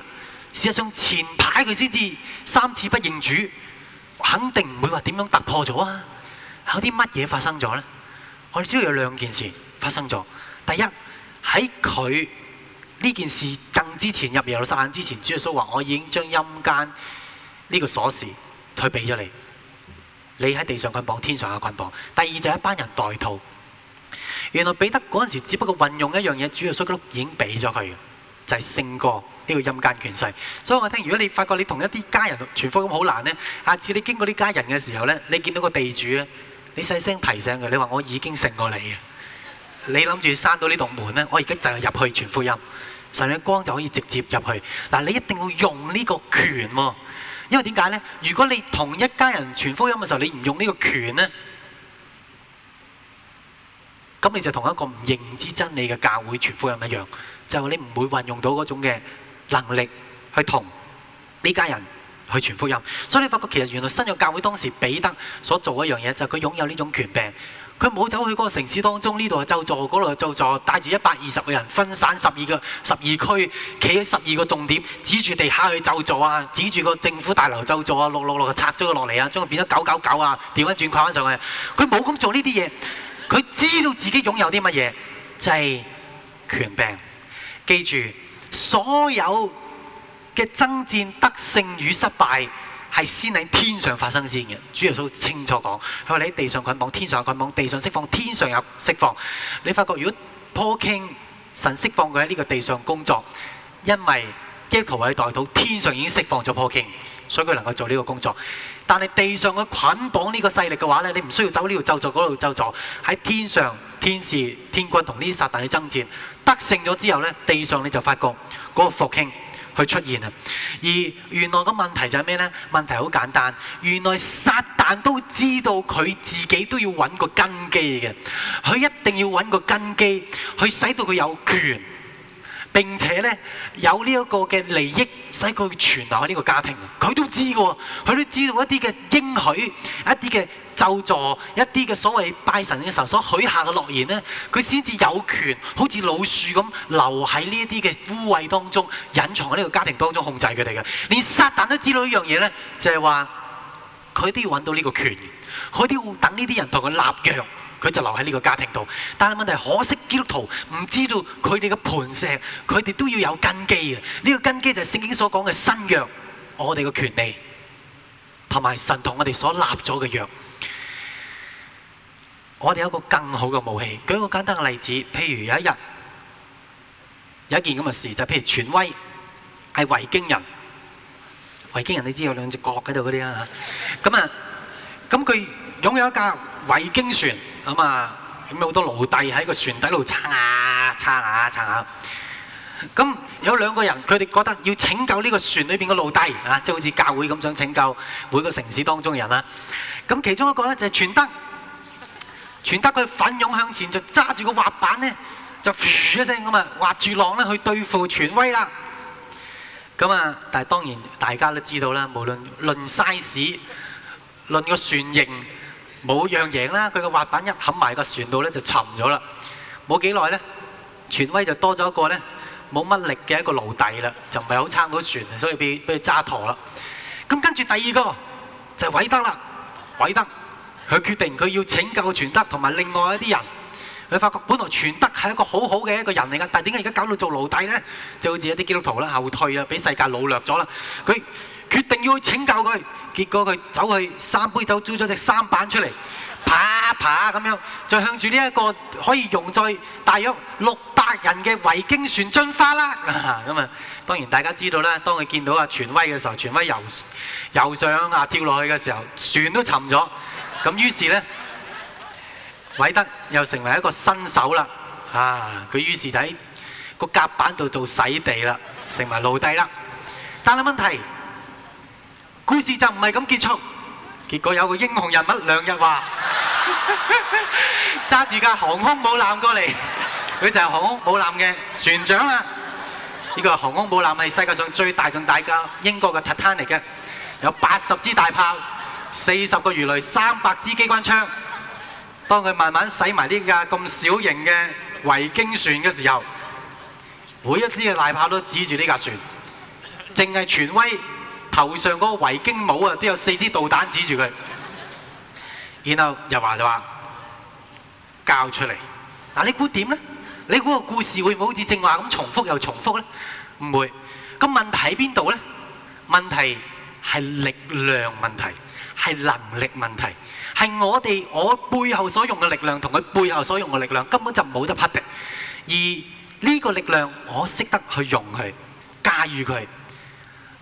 事實上前排佢先至三次不認主，肯定唔會話點樣突破咗啊！有啲乜嘢發生咗咧？我哋知道有兩件事發生咗。第一喺佢呢件事更之前入耶路撒冷之前，主耶穌話：我已經將陰間呢個鎖匙退俾咗你。你喺地上捆綁，天上也捆綁。第二就係一班人代禱。原來彼得嗰時只不過運用一樣嘢，主耶穌已經俾咗佢，就係勝過呢個陰間權勢。所以我聽，如果你發覺你同一啲家人傳福音好難，下次你經過呢家人嘅時候，你見到個地主，你細聲提醒佢，你話：我已經勝過你，你諗住閂到呢棟門，我而家就入去傳福音，神嘅光就可以直接入去。但你一定要用呢個權喎。因為點解呢？如果你同一家人傳福音嘅時候，你唔用呢個權呢，咁你就同一個唔認知真理嘅教會傳福音一樣，就係、你唔會運用到嗰種嘅能力去同呢家人去傳福音。所以你發覺其實原來新約教會當時彼得所做嗰一樣嘢，就係佢擁有呢種權柄。佢冇走去個城市當中，呢度啊就座，嗰度就座，帶住一百二十個人分散十二個十二區，企喺十二個重點，指住地下去就座啊，指住個政府大樓就座啊，六六六就拆咗佢落嚟啊，將佢變咗九九九啊，調翻轉跨翻上去。佢冇咁做呢啲嘢，佢知道自己擁有啲乜嘢，就係、是、權柄。記住，所有嘅爭戰得勝與失敗。係先喺天上發生先嘅，主耶穌清楚講：佢話你喺地上捆綁，天上捆綁；地上釋放，天上又釋放。你發覺如果復興神釋放佢喺呢個地上工作，因為耶和華代禱天上已經釋放咗復興，所以佢能夠做呢個工作。但係地上嘅捆綁呢個勢力嘅話咧，你唔需要走呢度咒詛嗰度咒詛，喺天上天使天軍同呢啲撒旦去爭戰，得勝咗之後咧，地上你就發覺嗰個復興。去出現啊！而原來個問題就係咩呢？問題好簡單，原來撒旦都知道佢自己都要搵個根基嘅，佢一定要搵個根基，去使到佢有權，並且呢，有呢個個嘅利益，使佢傳落去呢個家庭，佢都知道喎，佢都知道一啲嘅應許，一啲嘅。就助一啲嘅所謂拜神嘅時候所許下嘅諾言咧，佢先至有權，好似老鼠咁留喺呢一啲嘅污穢當中，隱藏喺呢個家庭當中控制佢哋嘅。連撒旦都知道一樣嘢咧，就係話，佢都要揾到呢個權，佢都要等呢啲人同佢立約，佢就留喺呢個家庭度。但係問題係可惜基督徒唔知道佢哋嘅磐石，佢哋都要有根基嘅。呢個根基就係聖經所講嘅新約，我哋嘅權利同埋神同我哋所立咗嘅約。我哋有一個更好嘅武器。舉一個簡單嘅例子，譬如有一日有一件咁嘅事，就係譬如權威係維京人，維京人你知有兩隻角喺度嗰啲啊。咁啊，咁佢擁有一架維京船，咁啊，有好多奴隸喺個船底度撐啊、撐啊、撐啊。咁有兩個人，佢哋覺得要拯救呢個船裏邊嘅奴隸啊，即係好似教會咁想拯救每個城市當中嘅人啦。咁其中一個咧就係傳德。全德佢奮勇向前，就揸住個滑板咧，就嘘一聲咁啊，滑住浪咧去對付權威啦。咁啊，但係當然大家都知道啦，無論論,論 size、論個船型，冇樣型啦。佢個滑板一冚埋個船度咧，就沉咗啦。冇幾耐咧，權威就多咗一個咧，冇乜力嘅一個奴隸啦，就唔係好撐到船，所以畀佢揸舵啦。咁跟住第二個就係偉德啦，偉德。佢決定佢要拯救全德同埋另外一啲人，佢發覺本來全德係一個好好嘅一個人嚟噶，但係點解而家搞到做奴隸呢？就好似一啲基督徒啦，後退啦，俾世界擄掠咗啦。佢決定要去拯救佢，結果佢走去三杯酒，租咗隻三板出嚟，爬爬咁樣，再向住呢一個可以容載大約六百人嘅維京船進化啦。咁啊，當然大家知道啦，當佢見到阿全威嘅時候，全威由由上啊跳落去嘅時候，船都沉咗。咁於是咧，偉德又成為一個新手啦。啊，佢於是喺個甲板度做洗地啦，成為奴隸啦。但係問題，故事就唔係咁結束。結果有個英雄人物兩日話，揸住架航空母艦過嚟，佢就係航空母艦嘅船長啦。呢個航空母艦係世界上最大、最大嘅英國嘅 Titanic 嚟嘅，有八十支大炮。四十個魚雷、三百支機關槍，當佢慢慢駛埋呢架咁小型嘅維京船嘅時候，每一支嘅大炮都指住呢架船，淨係全威頭上嗰個維京帽啊，都有四支導彈指住佢。然後又話就話交出嚟。嗱，你估點咧？你估個故事會唔會好似正話咁重複又重複咧？唔會。咁問題喺邊度咧？問題係力量問題。係能力問題，係我哋我背後所用嘅力量同佢背後所用嘅力量根本就冇得匹敵，而呢個力量我識得去用佢，駕馭佢，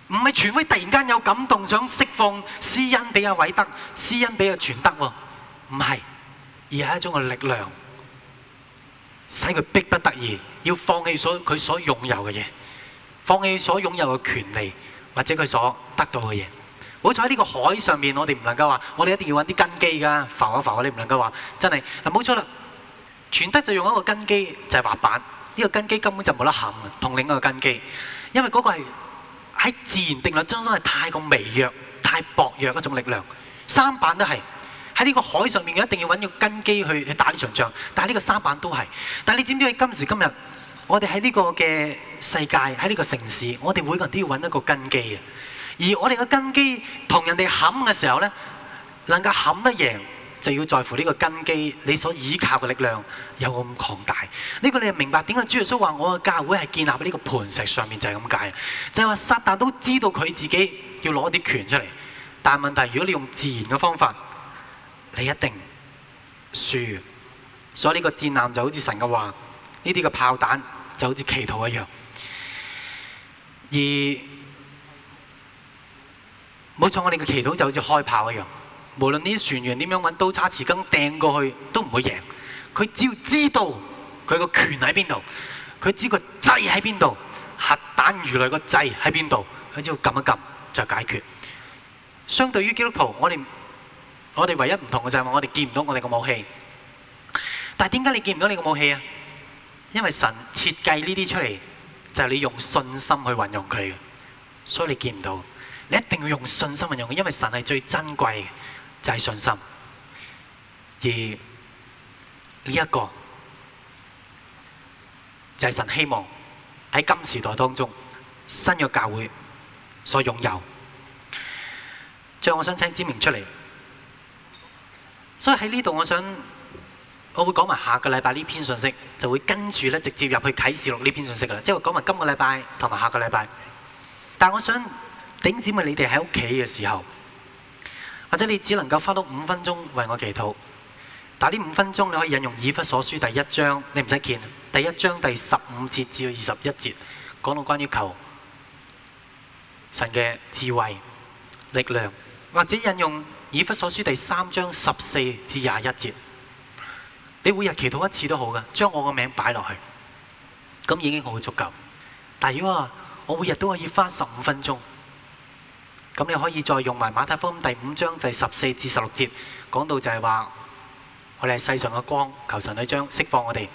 唔係傳威突然間有感動想釋放私恩俾阿偉德，私恩俾阿傳德喎，唔係，而係一種嘅力量，使佢迫不得已要放棄所佢所擁有嘅嘢，放棄所擁有嘅權利或者佢所得到嘅嘢。好彩喺呢個海上面，我哋唔能夠話，我哋一定要搵啲根基㗎，浮一浮啊！你唔能夠話真係嗱，冇錯啦，全德就用一個根基就係、是、滑板，呢、這個根基根本就冇得行，同另一個根基，因為嗰個係喺自然定律中，中係太過微弱、太薄弱一種力量。三板都係喺呢個海上面，一定要搵個根基去去打呢場仗。但係呢個三板都係，但係你知唔知？今時今日，我哋喺呢個嘅世界，喺呢個城市，我哋每個人都要搵一個根基啊！而我哋嘅根基同人哋冚嘅時候咧，能夠冚得贏，就要在乎呢個根基，你所倚靠嘅力量有咁強大？呢、這個你就明白點解主耶穌話我嘅教會係建立喺呢個磐石上面就係咁解。就話、是、撒但都知道佢自己要攞啲權出嚟，但問問題如果你用自然嘅方法，你一定輸。所以呢個戰艦就好似神嘅話，呢啲嘅炮彈就好似祈禱一樣，而冇錯，我哋嘅祈禱就好似開炮一樣。無論呢啲船員點樣揾刀叉匙羹掟過去，都唔會贏。佢只要知道佢個權喺邊度，佢知個掣喺邊度，核彈魚雷個掣喺邊度，佢只要撳一撳就解決。相對於基督徒，我哋我哋唯一唔同嘅就係我哋見唔到我哋嘅武器。但點解你見唔到你嘅武器呀？因為神設計呢啲出嚟，就係你用信心去運用佢，所以你見唔到。你一定要用信心嚟用，因為神係最珍貴嘅，就係、是、信心。而呢、這、一個就係、是、神希望喺今時代當中新約教會所擁有。最後，我想請知名出嚟。所以喺呢度，我想我會講埋下個禮拜呢篇信息，就會跟住咧直接入去啟示錄呢篇信息㗎喇。即係講埋今個禮拜同埋下個禮拜。但係我想。頂點你哋喺屋企嘅時候，或者你只能夠花到五分鐘為我祈禱，但這呢五分鐘你可以引用以弗所書第一章，你唔使見第一章第十五節至二十一節，講到關於求神嘅智慧力量，或者引用以弗所書第三章十四至廿一節，你每日祈禱一次都好噶，將我個名擺落去，咁已經好足夠。但如果我每日都可以花十五分鐘。咁你可以再用埋馬太福音第五章就係十四至十六節，講到就係話我哋係世上嘅光，求神去將釋放我哋，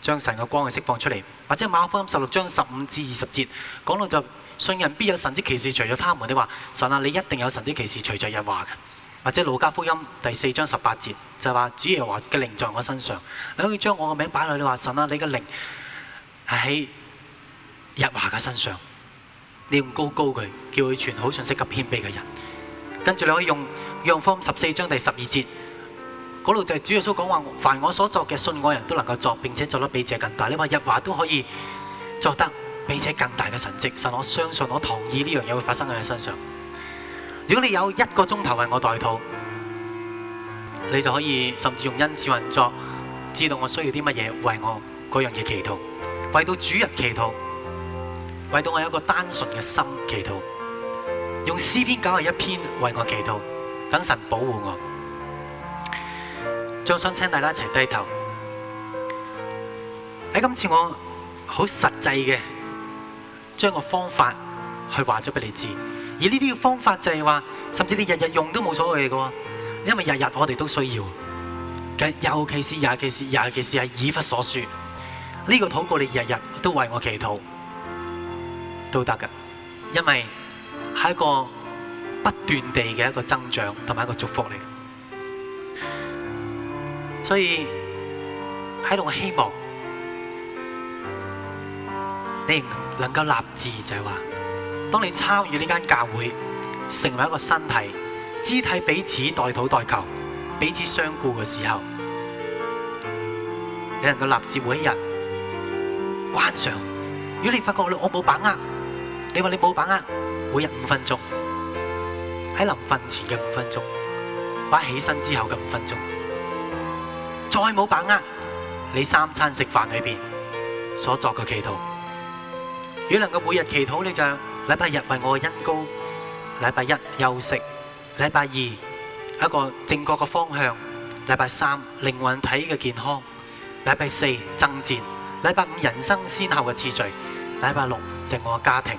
將神嘅光去釋放出嚟。或者馬可福音十六章十五至二十節講到就信人必有神之奇事，隨着他們的話。你話神啊，你一定有神之奇事隨着日華嘅。或者路加福音第四章十八節就係話主耶和華嘅靈在我身上，你可以將我嘅名擺落去。你話神啊，你嘅靈係喺日華嘅身上。你用膏膏佢，叫佢傳好信息給謙卑嘅人。跟住你可以用約翰福音十四章第十二節嗰度，就係主耶穌講話，凡我所作嘅，信我人都能夠作，並且作得比這更大。你話日華都可以作得比這更大嘅神蹟。神，我相信我同意呢樣嘢會發生喺你身上。如果你有一個鐘頭為我代禱，你就可以甚至用恩賜運作，知道我需要啲乜嘢，為我嗰樣嘢祈禱，為到主日祈禱。為到我有一個單純嘅心祈禱，用詩篇搞下一篇為我祈禱，等神保護我。再想請大家一齊低頭。喺今次我好實際嘅，將個方法去話咗俾你知。而呢啲嘅方法就係話，甚至你日日用都冇所謂㗎，因為日日我哋都需要。尤其是日日日，尤其是，尤其是係以弗所書呢、呢個禱告，你日日都為我祈禱。都得噶，因為係一個不斷地嘅一個增長，同埋一個祝福嚟。所以喺度，我希望你能夠立志，就係話，當你參與呢間教會，成為一個身體、肢體彼此代禱、代求、彼此相顧嘅時候，你能夠立志每一日關上。如果你發覺我冇把握。你話你冇把握，每日五分鐘，喺臨瞓前嘅五分鐘，或者起身之後嘅五分鐘，再冇把握。你三餐食飯裏邊所作嘅祈禱，如果能夠每日祈禱，你就禮拜日為我嘅恩膏，禮拜一休息，禮拜二一個正確嘅方向，禮拜三靈魂體嘅健康，禮拜四爭戰，禮拜五人生先後嘅次序，禮拜六就係我嘅家庭。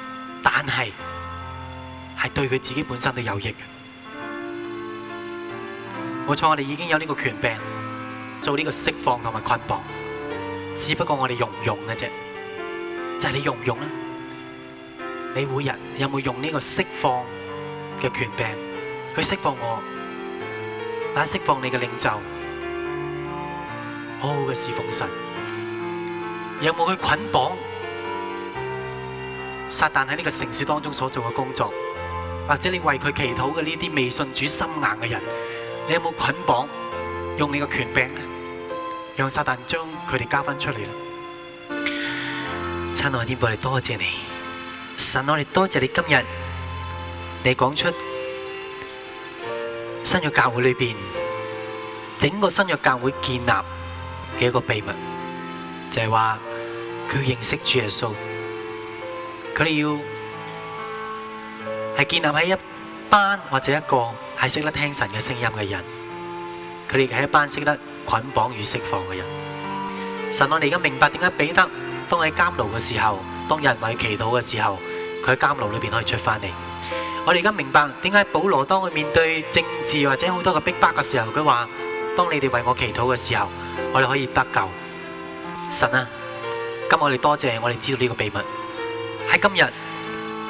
但係，係對佢自己本身都有益嘅。冇錯，我哋已經有呢個權柄，做呢個釋放同埋捆綁。只不過我哋用唔用嘅啫，就係、是、你用唔用呢？你每日有冇用呢個釋放嘅權柄去釋放我，啊釋放你嘅領袖好好嘅侍奉神，有冇去捆綁？撒旦喺呢個城市當中所做嘅工作，或者你為佢祈禱嘅呢啲未信主心硬嘅人，你有冇捆綁，綁？用你嘅權柄咧，讓撒旦將佢哋交翻出嚟啦。親愛的天父，你多謝你，神，我哋多謝你今日，你講出新約教會裏邊整個新約教會建立嘅一個秘密，就係話佢認識主耶穌。佢哋要係建立喺一班或者一個係識得聽神嘅聲音嘅人，佢哋係一班識得捆綁與釋放嘅人。神，我哋而家明白點解彼得當喺監牢嘅時候，當人為佢祈禱嘅時候，佢喺監牢裏邊可以出翻嚟。我哋而家明白點解保羅當佢面對政治或者好多嘅逼迫嘅時候，佢話：當你哋為我祈禱嘅時候，我哋可以得救。神啊，今日我哋多謝，我哋知道呢個秘密。喺今日，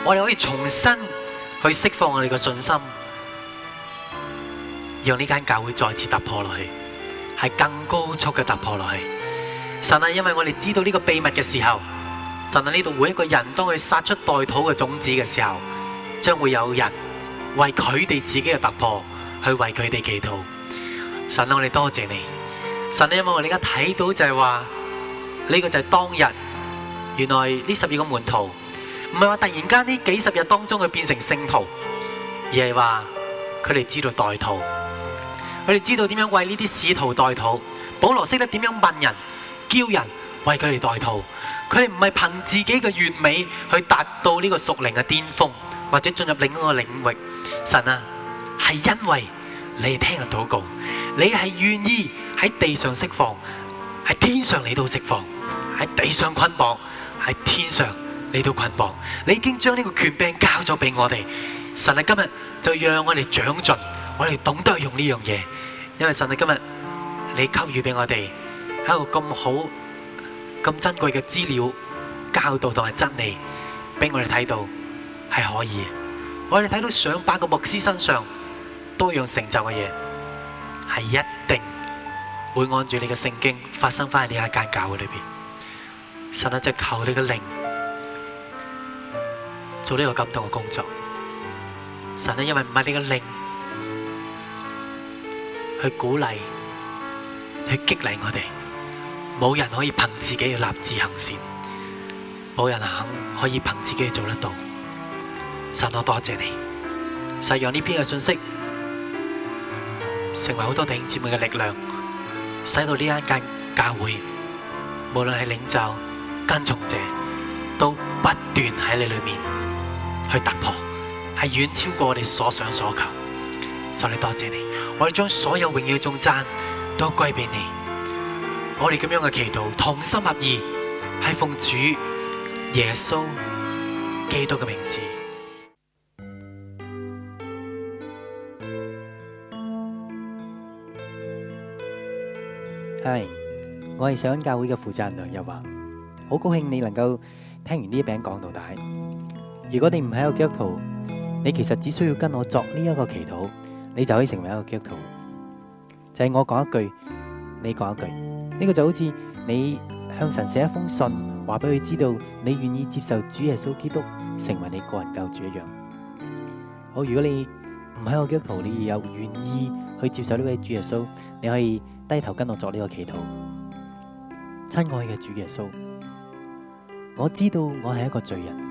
我哋可以重新去釋放我哋嘅信心，讓呢間教會再次突破落去，係更高速嘅突破落去。神啊，因為我哋知道呢個秘密嘅時候，神喺呢度每一個人當佢撒出代禱嘅種子嘅時候，將會有人為佢哋自己嘅突破去為佢哋祈禱。神啊，我哋多謝你。神啊，因為我哋而家睇到，就是話呢、這個就是當日，原來呢十二個門徒。唔係話突然間呢幾十日當中佢變成聖徒，而係話佢哋知道代禱。佢哋知道點樣為呢啲使徒代禱。保羅識得點樣問人，叫人為佢哋代禱。佢哋唔係憑自己嘅完美去達到呢個屬靈嘅巔峰，或者進入另一個領域。神啊，係因為你哋聽得禱告，你係願意喺地上釋放，喺天上你都釋放，喺地上捆綁，喺天上。你都捆綁，你已經將呢個權柄交咗俾我哋。神啊，今日就讓我哋長進，我哋懂得用呢樣嘢。因為神啊，今日你給予俾我哋一個咁好、咁珍貴嘅資料、教導同埋真理俾我哋睇到，係可以。我哋睇到上百個牧師身上都用成就嘅嘢，係一定會按住你嘅聖經發生翻喺呢一間教會裏邊。神啊，就求你嘅靈。做呢個咁多嘅工作，神啊，因為唔係你嘅靈去鼓勵，去激勵我哋，冇人可以憑自己去立志行善，冇人啊肯可以憑自己做得到。神，我多謝你，使用呢篇嘅信息，成為好多弟兄姊妹嘅力量，使到呢間教教會，無論係領袖跟從者，都不斷喺你裏面去突破，係遠超過我哋所想所求。所以多謝你，我哋將所有榮耀頌讚都歸俾你。我哋咁樣嘅祈禱，同心合意，係奉主耶穌基督嘅名字。係，我係聖恩教會嘅負責人梁日華，好高興你能夠聽完呢一餅講到底。如果你唔喺一個基督徒，你其實只需要跟我作呢一個祈禱，你就可以成為一個基督徒。就係我講一句，你講一句，呢個就好似你向神寫一封信，話俾佢知道你願意接受主耶穌基督成為你個人救主一樣。好，如果你唔喺一個基督徒，你有願意去接受呢位主耶穌，你可以低頭跟我作呢個祈禱。親愛嘅主耶穌，我知道我係一個罪人。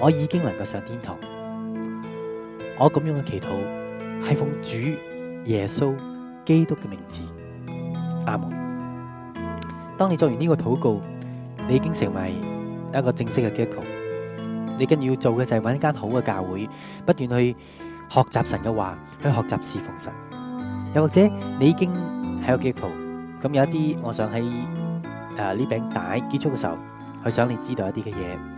我已經能夠上天堂。我咁樣嘅祈禱係奉主耶穌基督嘅名字，阿門。當你做完呢個禱告，你已經成為一個正式嘅基督徒。你跟住要做嘅就係揾一間好嘅教會，不斷去學習神嘅話，去學習侍奉神。又或者你已經喺個基督徒，咁有一啲，我想喺誒呢餅帶結束嘅時候，去想你知道一啲嘅嘢。